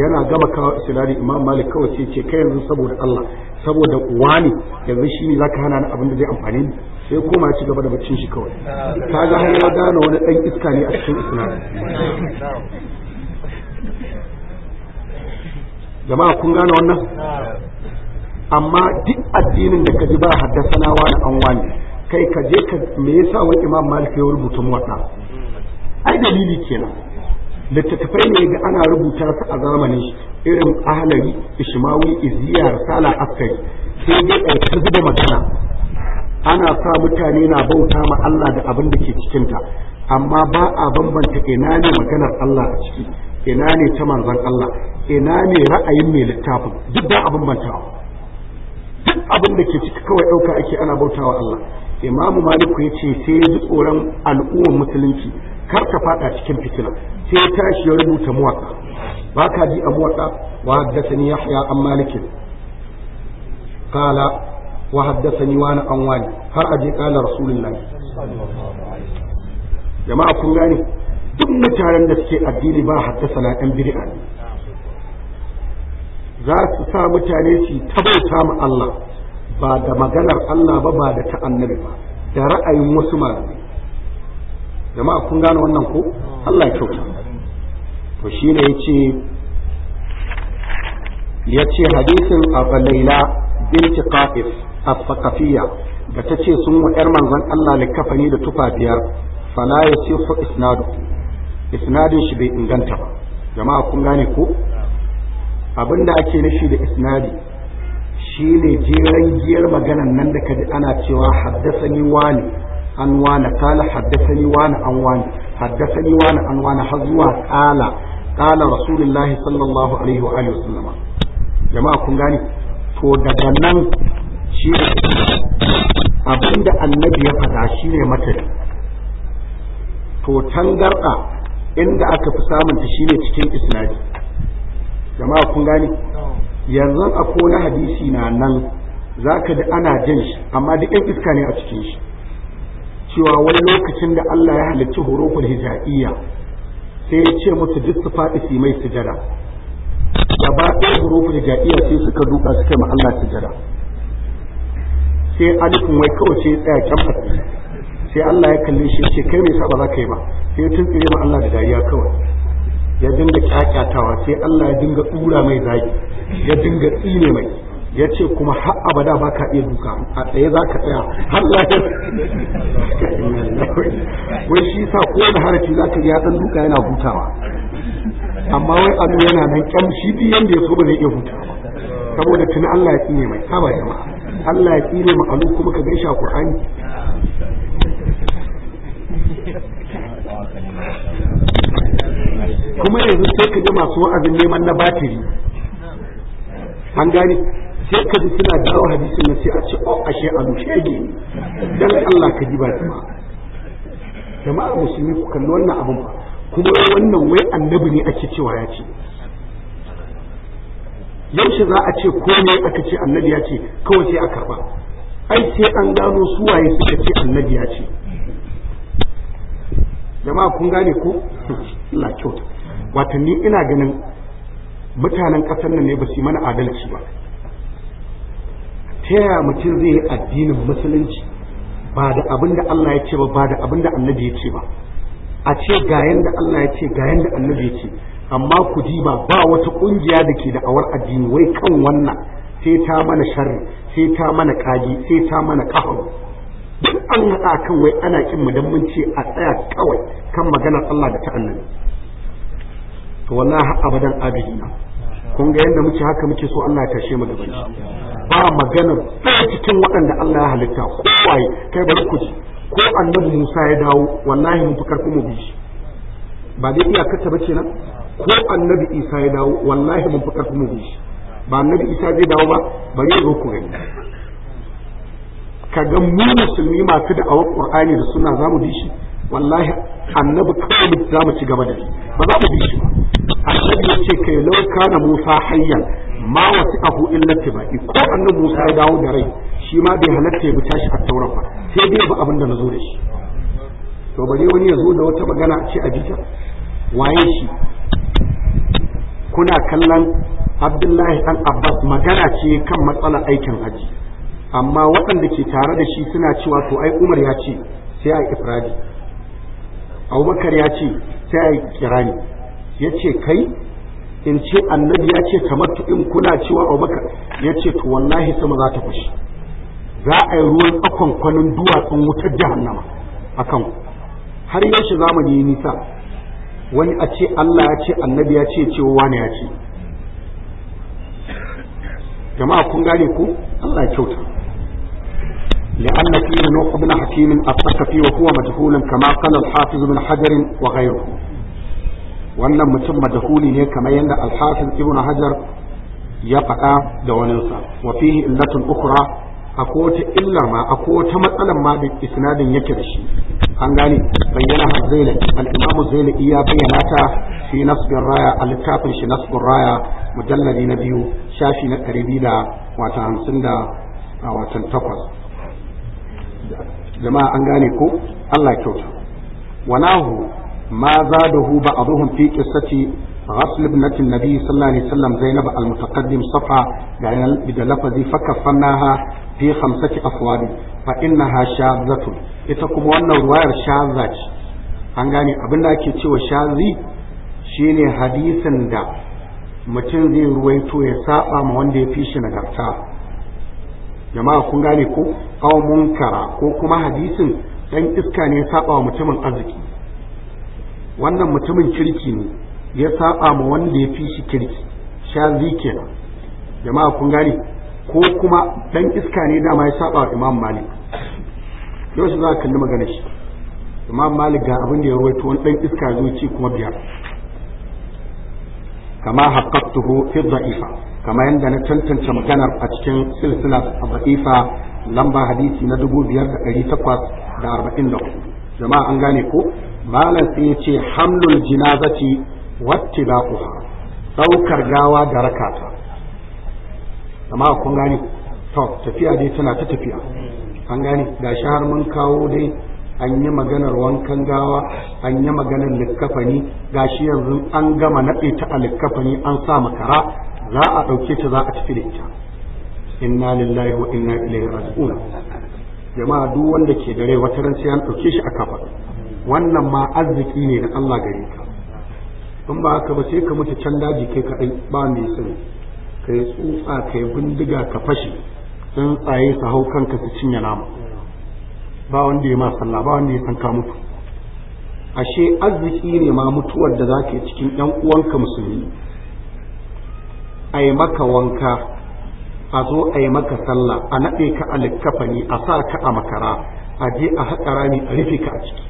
yana gama kawo islami imam malik kawai sai ce kai yanzu saboda Allah saboda wani yanzu shi ne zaka hana ni abin da zai amfani ni sai koma ci gaba da baccin shi kawai kaga har ya gane wani dan iska ne a cikin islami jama'a kun gane wannan amma duk addinin da ka ji ba haddasa na wani an wani kai ka je ka me yasa wani imam malik ya rubuta mu muwatta ai dalili kenan littattafai ne ga ana rubuta su a zamani irin ahalari ishmawi iziya sala, akai sai dai ƙarfi zuba magana ana sa mutane na bauta ma Allah da abin da ke cikinta amma ba a bambanta ina ne maganar Allah a ciki ina ne ta manzon Allah ina ne ra'ayin mai littafin duk ba a bambantawa duk abin da ke ciki kawai ɗauka ake ana bautawa Allah imamu maliku ya ce sai ya ji tsoron al'ummar musulunci kar ka fada cikin fitina sai ta tashi ya rubuta muwaka ba ka ji a muwaka wa haddathani yahya an malikin qala wa haddathani wa na an wani har aje qala rasulullahi jama'a kun gane duk mutanen da suke addini ba haddasa na ɗan bid'a ne za su sa mutane su tabauta ma Allah ba da maganar Allah ba ba da ta'annabi ba da ra'ayin wasu malamai jama'a kun gane wannan ko Allah ya kyauta to shi ne yace yace hadisin Laila binti Qafif as da ta ce sun wa'yar manzon Allah likafani da tufa biyar fala ko isnadu isnadin shi bai inganta ba jama'a kun gane ko abinda ake nufi da isnadi shine jeran giyar maganan nan da kaji ana cewa haddasa ni wani an wana kala haddasani wani an wani haddasani wani an wani har zuwa kala kala rasulullahi sallallahu alaihi wa alihi wasallam jama'a kun gane to daga nan shi ne abinda annabi ya faɗa shi ne matari to tangarɗa inda aka fi samunta shi ne cikin isnadi jama'a kun gane yanzu a na hadisi na nan za ka ji ana jin shi amma duk yan iska ne a cikin shi cewa wani lokacin da Allah ya halicci huruful hija'iyya sai ya ce musu duk su faɗi su mai sujada gaba ɗaya huruful hija'iyya sai suka duka suka ma Allah sujada sai alifin wai kawai sai tsaya can sai Allah ya kalli shi ce kai mai saba za ka yi ba sai ya tuntsire ma Allah da dariya kawai ya dinga kyakyatawa sai Allah ya dinga tsura mai zagi ya dinga tsine mai ya ce kuma har abada ba ka iya duka a tsaye za ka tsaya har lafiyar. wai shi sa ko da harafi za ka iya dan duka yana hutawa amma wai ado yana nan kyan shi fi yadda ya so ba zai iya hutawa saboda tuni Allah ya tsine mai haba yawa. Allah ya tsine mu alu kuma ka gaisha Qur'ani kuma yanzu sai ka ji masu wa'azin neman na batiri an gane sai ka ji suna dawo hadisin na sai a ce o oh, ashe a ne dan Allah ka ji ba jama'a jama'a musulmi ku kalli wannan abin ba kuma wannan wai annabi ne ake cewa ya ce yaushe za a ce ko ne aka ce annabi ya ce kawai sai a karba ai sai an gano su waye suka ce annabi ya ce jama'a kun gane ko Allah kyauta watanni ina ganin mutanen ƙasar nan ne ba su yi mana adalci ba ta yaya mutum zai yi addinin musulunci ba da abin da Allah ya ce ba ba da abin da annabi ya ce ba a ce ga yanda Allah ya ce ga yanda annabi ya ce amma ku diba ba wata kungiya da ke da awar addini wai kan wannan sai ta mana sharri sai ta mana kaji sai ta mana kafa duk an haɗa kan wai ana kin mu dan mun ce a tsaya kawai kan maganar Allah da ta annabi to wallahi abadan abidina kun ga yanda muke haka muke so Allah ya tashe mu gaban ba magana ɗaya cikin waɗanda Allah ya halitta ko waye kai bari ku ci ko annabi Musa ya dawo wallahi mun fi karfin mu bishi ba dai iyakarta ba kenan ko annabi Isa ya dawo wallahi mun fi karfin mu bishi ba annabi Isa zai dawo ba bari ya zo ku gani kaga mu musulmi masu da'awar Qur'ani da suna zamu bi shi wallahi annabi kawai za mu ci gaba da shi ba za mu bi shi ba annabi ya ce kai lau kana Musa hayyan ma wasu in illa tibai ko annabi Musa ya dawo da rai shi ma bai halatta ya bi tashi a taura ba sai dai ba abin da na zo da shi to bari wani ya zo da wata magana ce a jita waye shi kuna kallon Abdullahi dan Abbas magana ce kan matsalar aikin haji amma waɗanda ke tare da shi suna cewa to ai Umar ya ce sai a ifradi Abubakar ya ce sai a kirani ya kai in ce annabi ya ce kamar tu in kuna cewa maka, ya ce to wallahi sama za ta fashi za a yi ruwan kwanin duwatsun wutar jahannama a kan har yaushe zamani yi nisa wani a ce Allah ya ce annabi ya ce cewa wani ya ce jama'a kun gane ku Allah ya kyauta لأن فيه نوح بن حكيم فيه وهو مجهول كما قال الحافظ بن حجر وغيره wannan mutum madahuli ne kamar yadda alhafin ibn hajar ya faɗa da waninsa wa fihi illatun ukhra akwai wata illar ma akwai wata matsalar ma da isnadin yake da shi an gane bayyana hazaila al-imam zaila iya bayyana ta fi nasbin raya a littafin shi nasbin raya mujalladi na biyu shafi na ɗari biyu da wata hamsin da watan takwas jama'a an gane ko Allah kyauta wanahu ما زاده بعضهم في قصة غسل ابنة النبي صلى الله عليه وسلم زينب المتقدم صفا بلفظ فكفناها في خمسة أفواد فإنها شاذة إتكم وأن الرواية شاذة an gane abin da ake cewa shazi shine hadisin da mutum zai ruwaito ya saba ma wanda ya fi shi nagarta jama'a kun gane ko aw munkara ko kuma hadisin ɗan iska ne ya saba wa mutumin arziki wannan mutumin kirki ne ya saba ma wanda ya fi shi kirki shazi kenan jama'a kun gane ko kuma dan iska ne dama ya saba wa imam malik yau shi za ka kalli magana shi imam malik ga abin da ya rawaito wani dan iska zo ci kuma biyar kama haqqaqtuhu fi dha'ifa kama yadda na tantance maganar a cikin silsila dha'ifa lamba hadisi na da 2844 jama'a an gane ko malam sai ya ce hamlul jinazati wattibaquha daukar gawa da rakata jama'a kun gane to tafiya dai tana ta tafiya an gane gashi har mun kawo dai an yi maganar wankan gawa an yi maganar likkafani gashi yanzu an gama naɗe ta a likkafani an sa makara za a ɗauke ta za a tafi da ita inna lillahi wa inna ilaihi raji'un jama'a duk wanda ke da rai wata ran sai an ɗauke shi a kafa wannan ma arziki ne na Allah gare ka in ba haka ba sai ka mutu can daji kai kaɗai ba mai sani ka yi tsutsa kai bindiga ka fashe tsuntsaye su hau kanka su cinye nama ba wanda ya ma sallah ba wanda ya san mutu ashe arziki ne ma mutuwar da za cikin 'yan uwanka musulmi Ai maka wanka a zo a yi maka sallah a naɗe ka a likkafani a sa ka a makara a je a haƙa rami a rufe ka a ciki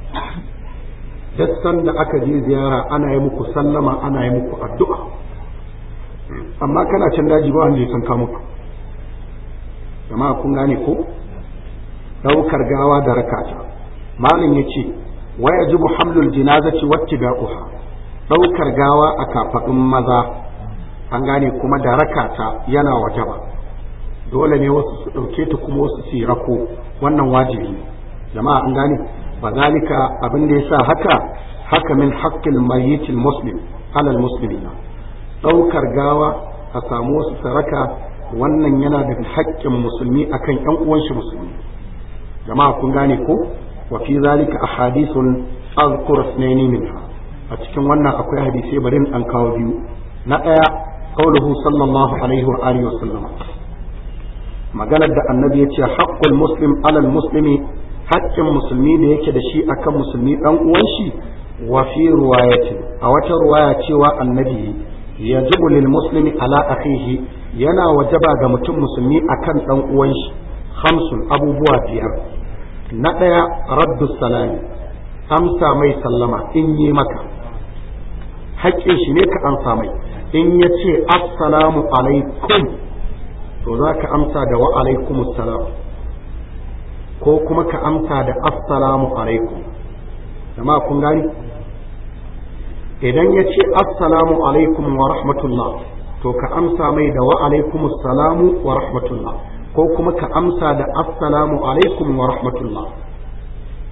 duk sanda aka je ziyara ana yi muku sallama ana yi muku addu'a amma kana can daji ba wanda ya san ka muku jama'a kun gane ko daukar gawa da rakata malam ce wa jibu hamlul jinazati uha? daukar gawa a kafaɗin maza an gane kuma da rakata yana wajaba dole ne wasu su ɗauke ta kuma wasu su rako wannan wajibi jama'a an gane ba zalika abin da yasa haka haka min haqqil mayyitil muslim alal muslimina ɗaukar gawa a samu wasu saraka wannan yana da haƙƙin musulmi akan ƴan uwan shi musulmi jama'a kun gane ko wa fi zalika ahadithun azkur sunaini min a cikin wannan akwai hadisi barin an kawo biyu na ɗaya qauluhu sallallahu alaihi wa alihi wa sallam maganar da annabi ya ce haƙƙul muslim alal muslimi haƙƙin musulmi da yake da shi akan musulmi ɗan uwan shi wa fi ce a wata ruwaya cewa annabi ya lil muslimi ala akhihi yana wajaba ga mutum musulmi akan ɗan uwan shi hamsun abubuwa biyar na ɗaya raddu salami amsa mai sallama in yi maka haƙƙin shi ne ka amsa mai in ya ce assalamu alaikum to za ka amsa da wa alaikumus salam ko kuma ka amsa da assalamu alaikum jama'a kun gani idan ya ce assalamu alaikum wa rahmatullah to ka amsa mai da wa alaikumus salamu wa rahmatullah ko kuma ka amsa da assalamu alaikum wa rahmatullah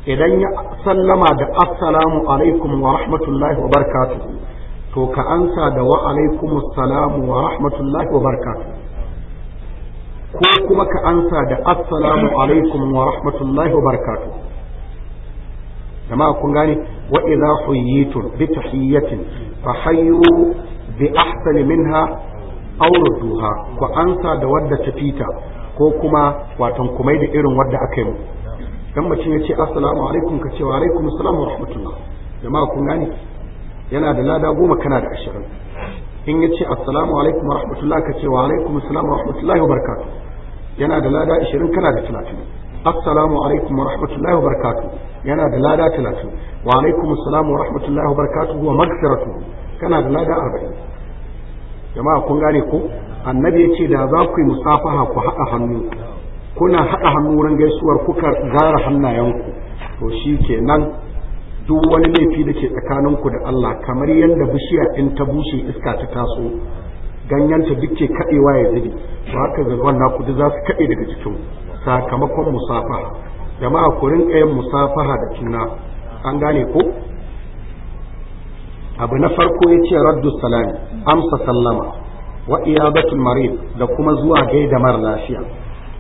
idan ya sallama da assalamu alaikum wa rahmatullahi wa barkatu, to ka amsa da wa alaikumus salamu wa rahmatullahi wa barkatu. ko kuma ka ansa da assalamu alaikum wa rahmatullahi wa barakatuh jama'a kun gane wa idza huyitu bi tahiyyatin fa hayyu bi ahsani minha aw rudduha ku ansa da wadda ta fita ko kuma watan kumai da irin wadda aka yi dan mace ya ce assalamu alaikum ka ce wa alaikum assalam wa rahmatullah jama'a kun gane yana da lada goma kana da ashirin in ya ce assalamu alaikum wa rahmatullah ka ce wa alaikum assalam wa rahmatullahi wa barakatu yana da lada 20 kana da 30 assalamu alaikum wa rahmatullahi wa barakatu yana da lada 30 wa alaikum assalam wa rahmatullahi wa barakatu wa maghfiratu kana da lada 40 jama'a kun gane ko annabi ya ce da za ku yi musafaha ku haɗa hannu kuna haɗa hannu wurin gaisuwar kuka zara hannayenku to shi kenan duk wani laifi da ke tsakaninku da Allah kamar yadda bishiya in ta bushe iska ta taso ganyanta duk ke kaɗewa ya zubi to haka zalwan naku duk za su kaɗe daga cikin sakamakon musafaha jama'a ku rinka yin musafaha da juna an gane ko abu na farko ya ce raddu salami amsa sallama wa iyadatul marid da kuma zuwa gaida mara lafiya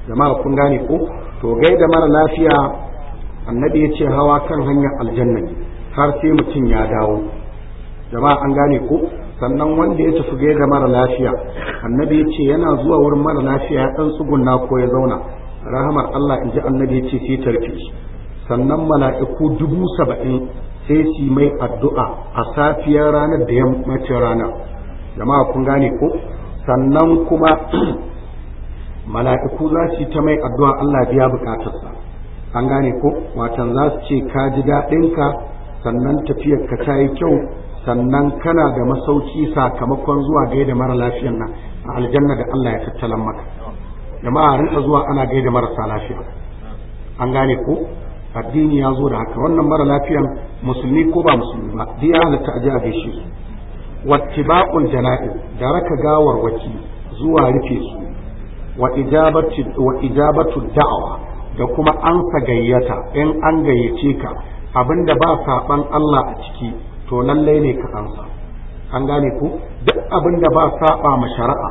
jama'a kun gane ko to gaida mara lafiya annabi ya ce hawa kan hanyar aljanna ne har sai mutum ya dawo jama'a an gane ko sannan wanda ya tafi gaida mara lafiya annabi ya ce yana zuwa wurin mara lafiya ya dan tsugunna ko ya zauna rahamar Allah in ji annabi ya ce sai tarfi sannan mala'iku dubu saba'in sai su mai addu'a a safiyar ranar da yammacin rana jama'a kun gane ko sannan kuma mala'iku za su yi ta mai addu'a Allah biya bukatarsa an gane ko watan za su ce ka ji daɗinka sannan tafiyar ka ta yi kyau sannan kana da masauki sakamakon zuwa gaida mara lafiyar nan a aljanna da Allah ya tattalan maka jama'a rinka zuwa ana gaida marasa lafiya an gane ko addini ya zo da haka wannan mara lafiyan musulmi ko ba musulmi ba duk ya halatta a ji a gaishe su wattiba'ul jana'iz da raka gawar waki zuwa rufe su wa ijabatu da'awa da kuma ansa gayyata in an gayyace ka abinda ba saban Allah a ciki to lallai ne ka ansa an gane ku duk abinda ba saba ma shari'a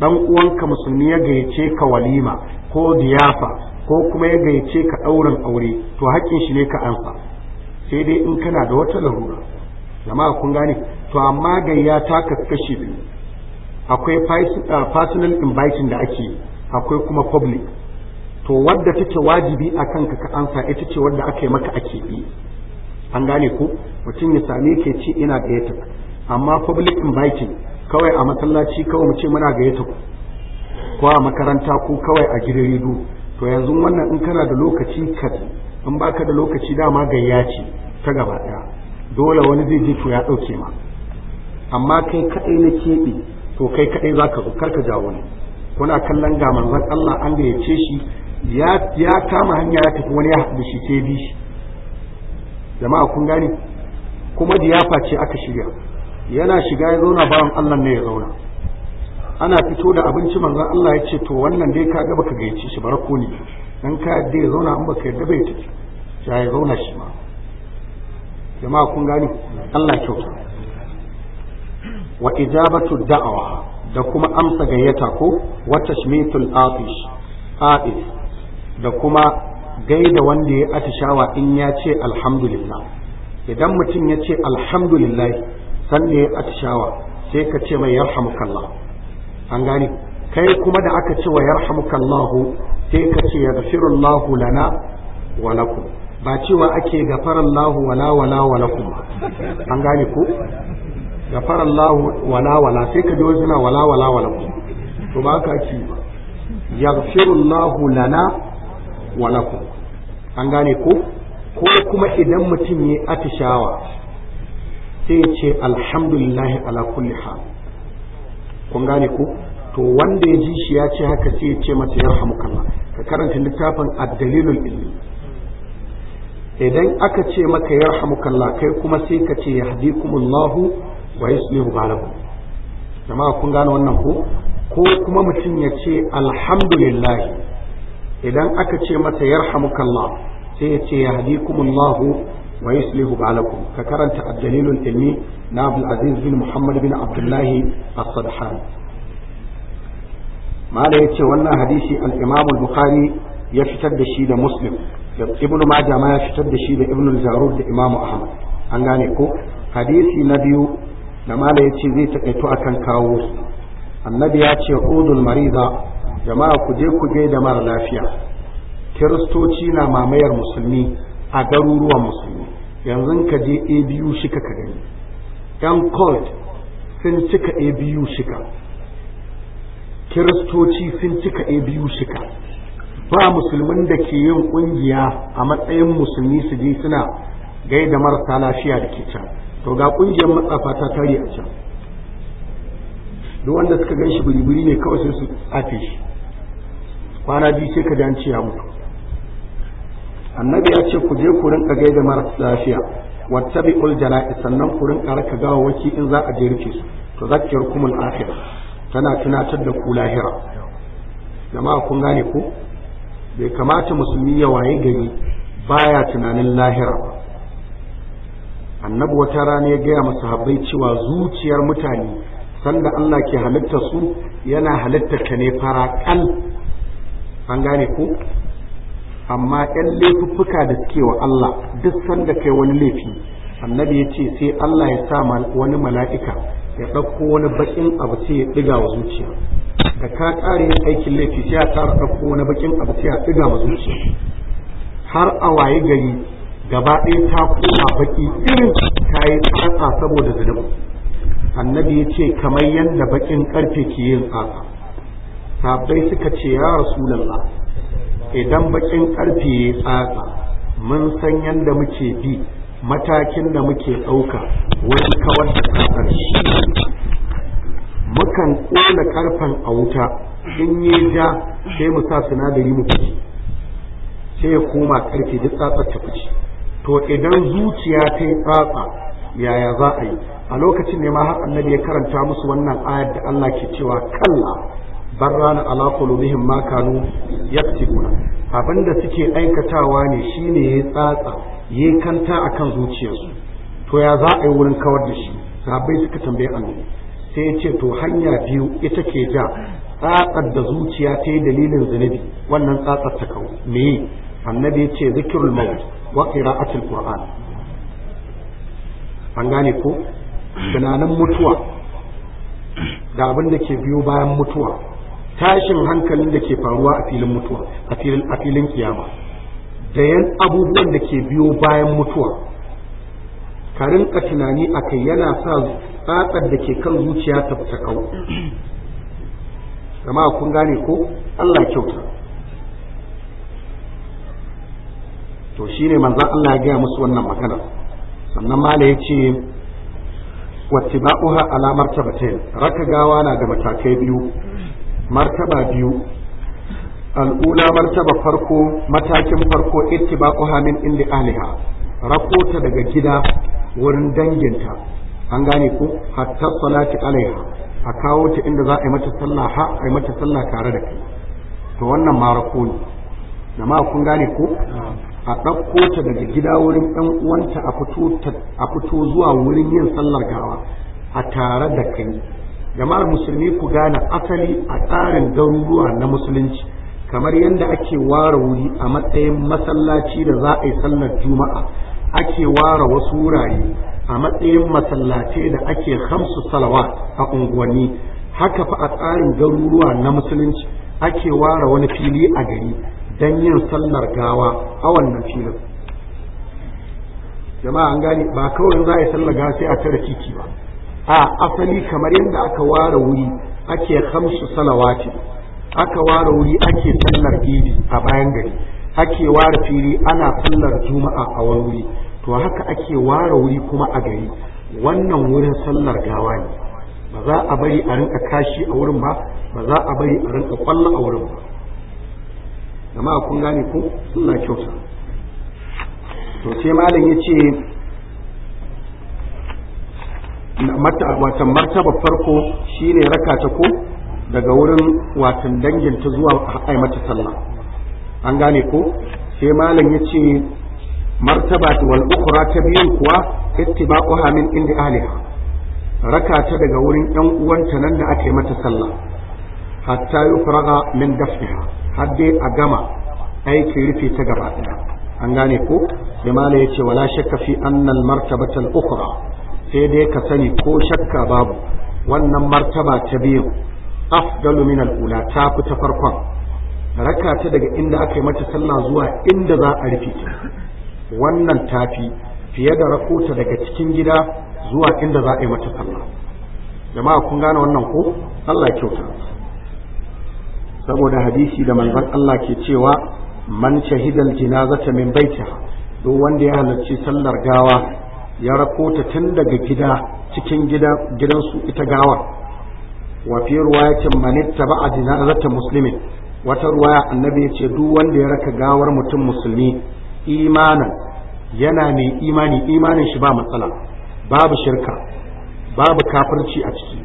dan uwanka musulmi ya gayyace ka walima ko diyafa ko kuma ya gayyace ka ɗaurin aure to haƙƙin shi ne ka ansa sai dai in kana da wata larura jama'a kun gane to amma gayyata ka kaskashi biyu akwai personal inviting da ake akwai kuma public to wadda take wajibi a kanka ka ansa ita ce wadda aka yi maka a bi, an gane ku. mutum ya same ke ce ina gayyata amma public inviting kawai a masallaci kawai mu ce muna gayyata ku ko a makaranta ko kawai a gidan rido to yanzu wannan in kana da lokaci ka in baka da lokaci dama gayya ce ta gaba daya dole wani zai je to ya dauke ma amma kai kadai na keɓe to kai kadai zaka zo karka jawo ne kuna kallon ga manzon Allah an gayyace shi ya kama hanya ya tafi wani ya haɗu shi ke bi shi jama'a kun gani. kuma diyafa ce aka shirya yana shiga ya zauna bayan Allah ne ya zauna ana fito da abinci manzon Allah ya ce to wannan dai ka gaba ka gaice shi barako ne dan ka yadda ya zauna an baka yadda bai tafi ya ya zauna shi ma jama'a kun gani Allah kyauta wa ijabatu da'awa da kuma amsa gayyata ko wa tashmitul atish atish da kuma gaida wanda ya atishawa in ya ce alhamdulillah idan mutum ya ce alhamdulillah sanda ya atishawa sai ka ce mai yarhamukallah an gane kai kuma da aka ce wa yarhamukallah sai ka ce ya yaghfirullahu lana wa lakum ba cewa ake gafarallahu wala wala wa lakum an gane ko gafarallahu wala wala sai ka ji suna wala wala wa lakum to ba ka ci yaghfirullahu lana walakum an gane ko ko kuma idan mutum ya atishawa sai ya ce alhamdulillahi ala kulli hal kun gane ko to wanda ya ji shi ya ce haka sai ya ce masa yarhamukallah ka karanta littafin ad-dalilul ilmi idan aka ce maka yarhamukallah kai kuma sai ka ce yahdikumullahu wa yuslihu balakum jama'a kun gane wannan ko ko kuma mutum ya ce alhamdulillah idan aka ce masa yarhamukallah sai ya ce yahdikumullahu wa yuslihu balakum ka karanta ad-dalilul ilmi na Abdul Aziz bin Muhammad bin Abdullah as-Sadhan mala yace wannan hadisi al-Imam al-Bukhari ya fitar da shi da Muslim Ibn Majah ma ya fitar da shi da Ibn al-Jarud da Imam Ahmad an gane ko hadisi na biyu da mala yace zai takaito akan kawo annabi ya ce udul mariza jama'a ku je ku gaida mara lafiya kiristoci na mamayar musulmi a garuruwan musulmi yanzu ka je abu shika ka gani yan cult sun cika abu shika kiristoci sun cika abu shika ba musulmin da ke yin kungiya a matsayin musulmi su je suna gaida marasa lafiya da ke can to ga kungiyar matsafa ta tare a can duk wanda suka gan shi buri ne kawai sai su tsafe shi kwana biyu sai ka ji an ce ya mutu annabi ya ce ku je ku rinka gaida mara lafiya bi ul jana'i sannan ku rinka raka gawa waki in za a je rufe su to zakkir kumul akhir tana tunatar da ku lahira jama'a kun gane ko bai kamata musulmi ya waye gari baya tunanin lahira annabi wata rana ya gaya masahabbai cewa zuciyar mutane sanda Allah ke halitta su yana halitta ka ne fara kal an gane ko amma ɗan laifuffuka da suke wa Allah duk sanda kai wani laifi annabi ya ce sai Allah ya sa wani mala'ika ya ɗauko wani baƙin abu sai ya ɗiga wa zuciya da ka ƙare yin aikin laifi sai ya ƙara ɗauko wani baƙin abu sai ya ɗiga wa zuciya har a waye gari gaba ɗaya ta koma baƙi irin ta yi tsatsa saboda zunubi annabi ya ce kamar yadda baƙin ƙarfe ke yin tsatsa sahabbai suka ce ya rasulullah idan bakin karfe ya tsatsa mun san yadda muke bi matakin da muke ɗauka wani kawar da tsatsar mukan ƙona karfen a wuta in yi ja sai mu sa sinadari mu fice sai ya koma karfe duk tsatsar ta fice to idan zuciya ta yi tsatsa yaya za a yi a lokacin ne ma har annabi ya karanta musu wannan ayar da Allah ke cewa kalla barrana ala qulubihim ma kanu yaktibuna abinda suke aikatawa ne shine ya tsatsa yayi kanta akan zuciyarsu to ya za a yi wurin kawar da shi sabai suka tambaye annu sai ya ce to hanya biyu ita ke ja tsatsar da zuciya ta yi dalilin zunubi wannan tsatsar ta kawo me annabi ya ce zikirul maut wa qira'atul qur'an an gane ko tunanin mutuwa da abin da ke biyo bayan mutuwa tashin hankalin da ke faruwa a filin mutuwa a filin a filin kiyama da yan abubuwan da ke biyo bayan mutuwa ka rinka tunani akai yana sa tsatsar da ke kan zuciya ta ta kau amma kun gane ko Allah kyauta to shine manzon Allah ya gaya musu wannan magana sannan mala yace wattiba'uha ala martabatayn raka gawa na da matakai biyu martaba biyu al'ula martaba farko matakin farko ittibaqu min indi Aliha, rakota daga gida wurin danginta an gane ko hatta salati alaiha a kawo ta inda za a yi mata sallah ha a yi mata sallah tare da kai to wannan ma rako ne jama'a kun gane ko a ɗauko ta daga gida wurin ɗan uwanta a fito zuwa wurin yin sallar gawa a tare da kai jama'ar musulmi ku gane asali a tsarin garuruwa na musulunci kamar yadda ake ware wuri a matsayin masallaci da za a yi sallar juma'a ake ware wasu wurare a matsayin masallace da ake hamsu salawa a unguwanni haka fa a tsarin garuruwa na musulunci ake ware wani fili a gari don yin sallar gawa a wannan filin jama'a an gane ba kawai za a yi sallar gawa sai a tara kiki ba a asali kamar yadda aka ware wuri ake hamsu salawati aka ware wuri ake sallar idi a bayan gari ake ware fili ana sallar juma'a a wani wuri to haka ake ware wuri kuma a gari wannan wurin sallar gawa ne ba za a bari a rinka kashi a wurin ba ba za a bari a rinka kwallo a wurin ba jama'a kun gane ko suna kyauta to sai malam ya ce watan martaba farko shine raka ta ko daga wurin watan danginta zuwa ai mata sallah an gane ko sai malam ya ce martaba wal ukura ta biyun kuwa ittibaquha min indi ahliha raka ta daga wurin yan uwanta nan da aka yi mata sallah hatta yufraga min daf'i har dai a gama aiki rufe ta gaba daya an gane ko sai malam ya ce wala shakka fi annal martabata ukura. sai dai ka sani ko shakka babu wannan martaba ta biyu afdalu min al-ula ta fi ta farkon raka ta daga inda aka yi mata sallah zuwa inda za a rufe ta wannan tafi fiye da rakota daga cikin gida zuwa inda za a yi mata sallah jama'a kun gane wannan ko Allah kyauta saboda hadisi da manzon Allah ke cewa man shahidal jinazata min baitiha duk wanda ya halarci sallar gawa ya rako ta tun daga gida cikin gida gidansu ita gawa. wa fi ce manitta ba a jinazata musulmi wata ruwaya annabi ya ce duk wanda ya raka gawar mutum musulmi imanan yana mai imani imanin shi ba matsala babu shirka babu kafirci a ciki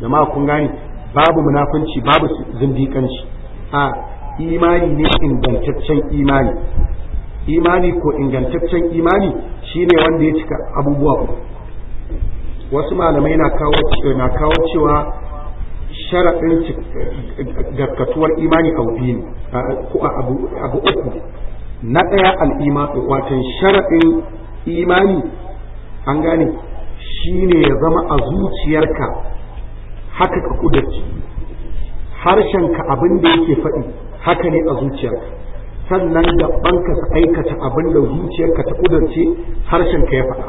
jama'a kun gani babu munafunci babu zindikanci a imani ne ingantaccen imani imani ko ingantaccen imani shine wanda ya cika abubuwa wasu malamai na kawo cewa sharaɗin gaskatuwar imani a biyu ko abu uku na ɗaya al'ima watan sharaɗin imani an gane shine ya zama a zuciyarka haka ka kudarci harshenka abin da yake faɗi haka ne a zuciyarka sannan gabanka su aikata abin da zuciyarka ta kudurce harshenka ya faɗa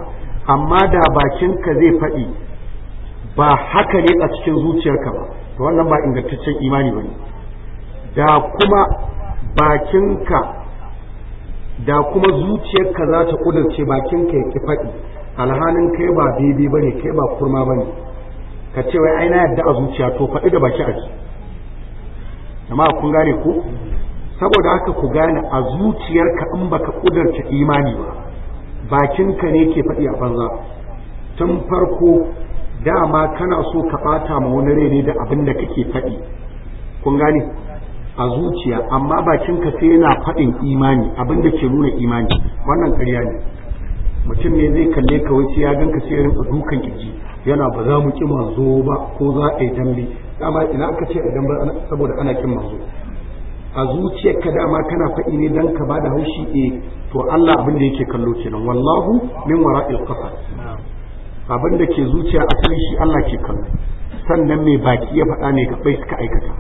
amma da bakinka zai faɗi ba haka ne a cikin zuciyarka ba to wannan ba ingantaccen imani ba ne da kuma bakinka da kuma zuciyarka za ta kudurce bakinka ya ki faɗi alhanin kai ba daidai ba ne kai ba kurma ba ne ka ce wai aina yadda a zuciya to faɗi da baki a ji amma kun gane ku saboda haka ku gane a zuciyarka in baka kudarta imani ba bakinka ne ke faɗi a banza tun farko dama kana so ka ɓata ma wani rai da abin da kake faɗi kun gane a zuciya amma bakinka sai yana faɗin imani abin da ke nuna imani wannan ƙarya ne mutum ne zai kalle ka wuce ya ganka sai rinka dukan kirji yana ba za mu ki manzo ba ko za a yi dambe dama ina aka ce idan ba saboda ana kin mazo a zuciyar ka dama kana faɗi ne dan ka bada haushi ne. Eh, to Allah abin da yake kallo kenan wallahu min wara'il qasas abin da ke zuciya a kan shi Allah ke kallo sannan mai baki ya faɗa ne ga bai suka aikata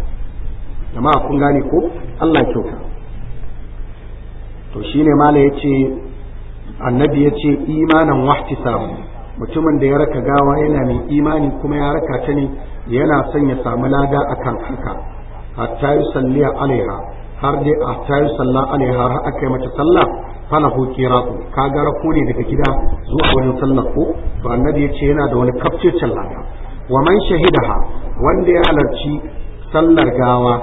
jama'a kun gane ko Allah kyauta to shine mala yace annabi yace imanan wahtisab mutumin da ya raka gawa yana mai imani kuma ya raka ta ne yana son ya samu lada akan haka hatta yusalli alaiha har dai a ta yi salla alaiha har aka yi mata sallah fala hu ka gara rako ne daga gida zuwa wani sallar ko to annabi ya ce yana da wani kafcecen lada wa man shahidaha wanda ya halarci sallar gawa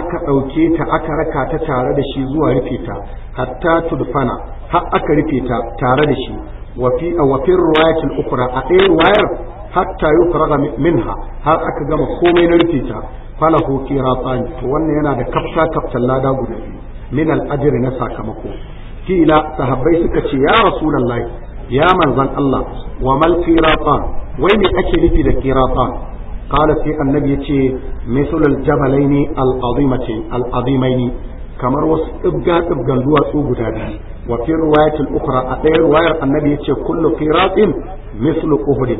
aka ɗauke ta aka raka ta tare da shi zuwa rufe ta hatta tudfana har aka rufe ta tare da shi wafi a wafin ruwayatul ukra a ɗaya riwayar hatta yukraga minha har aka gama komai na rufe ta falahu qiratan to wannan yana da kafsa kaftan lada guda min al na sakamako kila sahabbai suka ce ya rasulullahi ya manzon Allah wa mal wai me ake nufi da kirafa? qala sai annabi yace misal al jabalaini al azimati al kamar wasu tsibga tsibgan duwatsu guda biyu wa fi riwayatil ukhra a ɗaya riwayar annabi yace kullu qiratin mislu uhud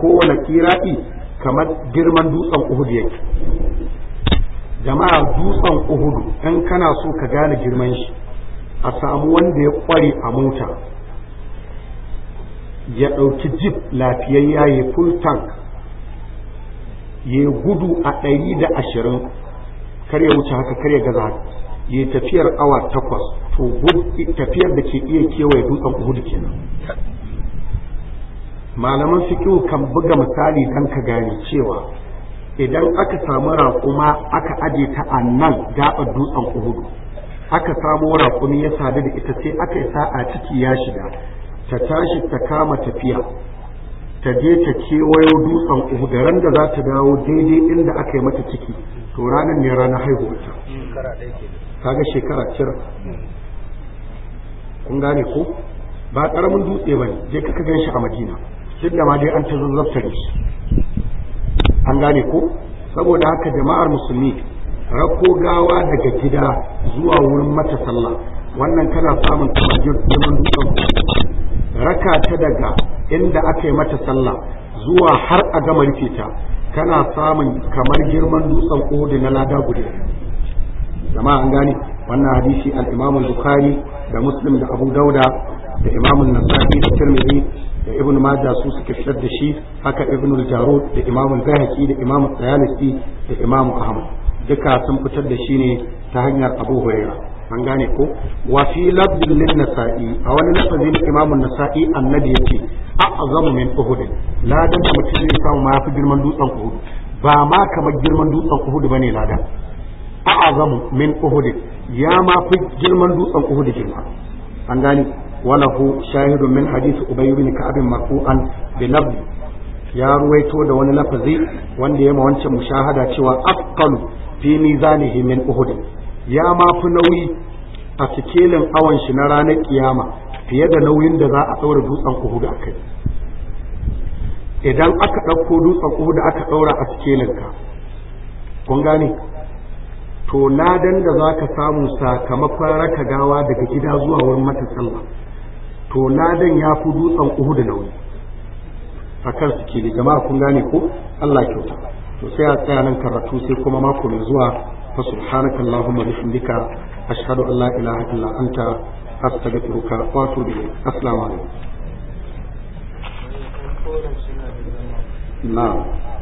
kowane qirati kamar girman dutsen uhud yake jama'a dutsen uhudu in kana so ka gane girman shi a samu wanda ya kware a mota ya ɗauki jip lafiyayya ya full tank ya gudu a ɗari da ashirin kar ya wuce haka kar ya gaza ya tafiyar awa takwas to tafiyar da ke iya kewaye dutsen uhudu kenan malaman fikihu kan buga misali don ka gane cewa idan aka samu raƙuma aka aje ta a nan gaɓar dutsen uhudu aka samu raƙumi ya sadu da ita sai aka isa a ciki ya shiga ta tashi ta kama tafiya ta je ta kewayo dutsen uhudu ran da za ta dawo daidai inda aka yi mata ciki to ranar ne ranar haihuwarta kaga shekara cira kun gane ko ba ƙaramin dutse ba ne je ka gan shi a madina duk da ma dai an ta shi an gane ko saboda haka jama'ar musulmi rako gawa daga gida zuwa wurin mata sallah wannan kana samun kamar zaman dutsen raka ta daga inda aka yi mata sallah zuwa har a gama rufe ta kana samun kamar girman dutsen kodi na lada guda jama'a an gane wannan hadisi al-imam bukhari da muslim da abu dauda da Imam an-Nasa'i da Tirmidhi da Ibn Majah su suka fitar da shi haka Ibn al-Jarud da Imam al bahaqi da Imam al-Tayalisi da Imam Ahmad duka sun fitar da shi ne ta hanyar Abu Huraira an gane ko wa fi labdin lin nasa'i a wani lafazin Imam an-Nasa'i annabi yake a'zamu min Uhud ladan mutum zai samu ma fi girman dutsen Uhud ba ma kamar girman dutsen Uhud bane ladan a'zamu min Uhud ya ma fi girman dutsen Uhud girma an gane وله شاهد من حديث أبي بن كعب مرفوعا بلفظ يا رويتو ده wani lafazi wanda ya ma wancan mushahada cewa aqalu za mizanihi min uhud ya ma fi nauyi a sikelin awon shi na ranar kiyama fiye da nauyin da za a daura dutsen uhud akai idan aka ɗauko dutsen uhud aka daura a cikelin ka kun gane to ladan da za ka samu sakamakon raka gawa daga gida zuwa wurin mata sallah to ladan ya fi dutsen uhudu nauyi a kan su ke jama'a kun gane ko Allah kyauta to sai a tsaya nan karatu sai kuma mako mai zuwa fa subhanaka allahumma bihamdika ashhadu an la ilaha illa anta astaghfiruka wa atubu ilayk assalamu alaikum na'am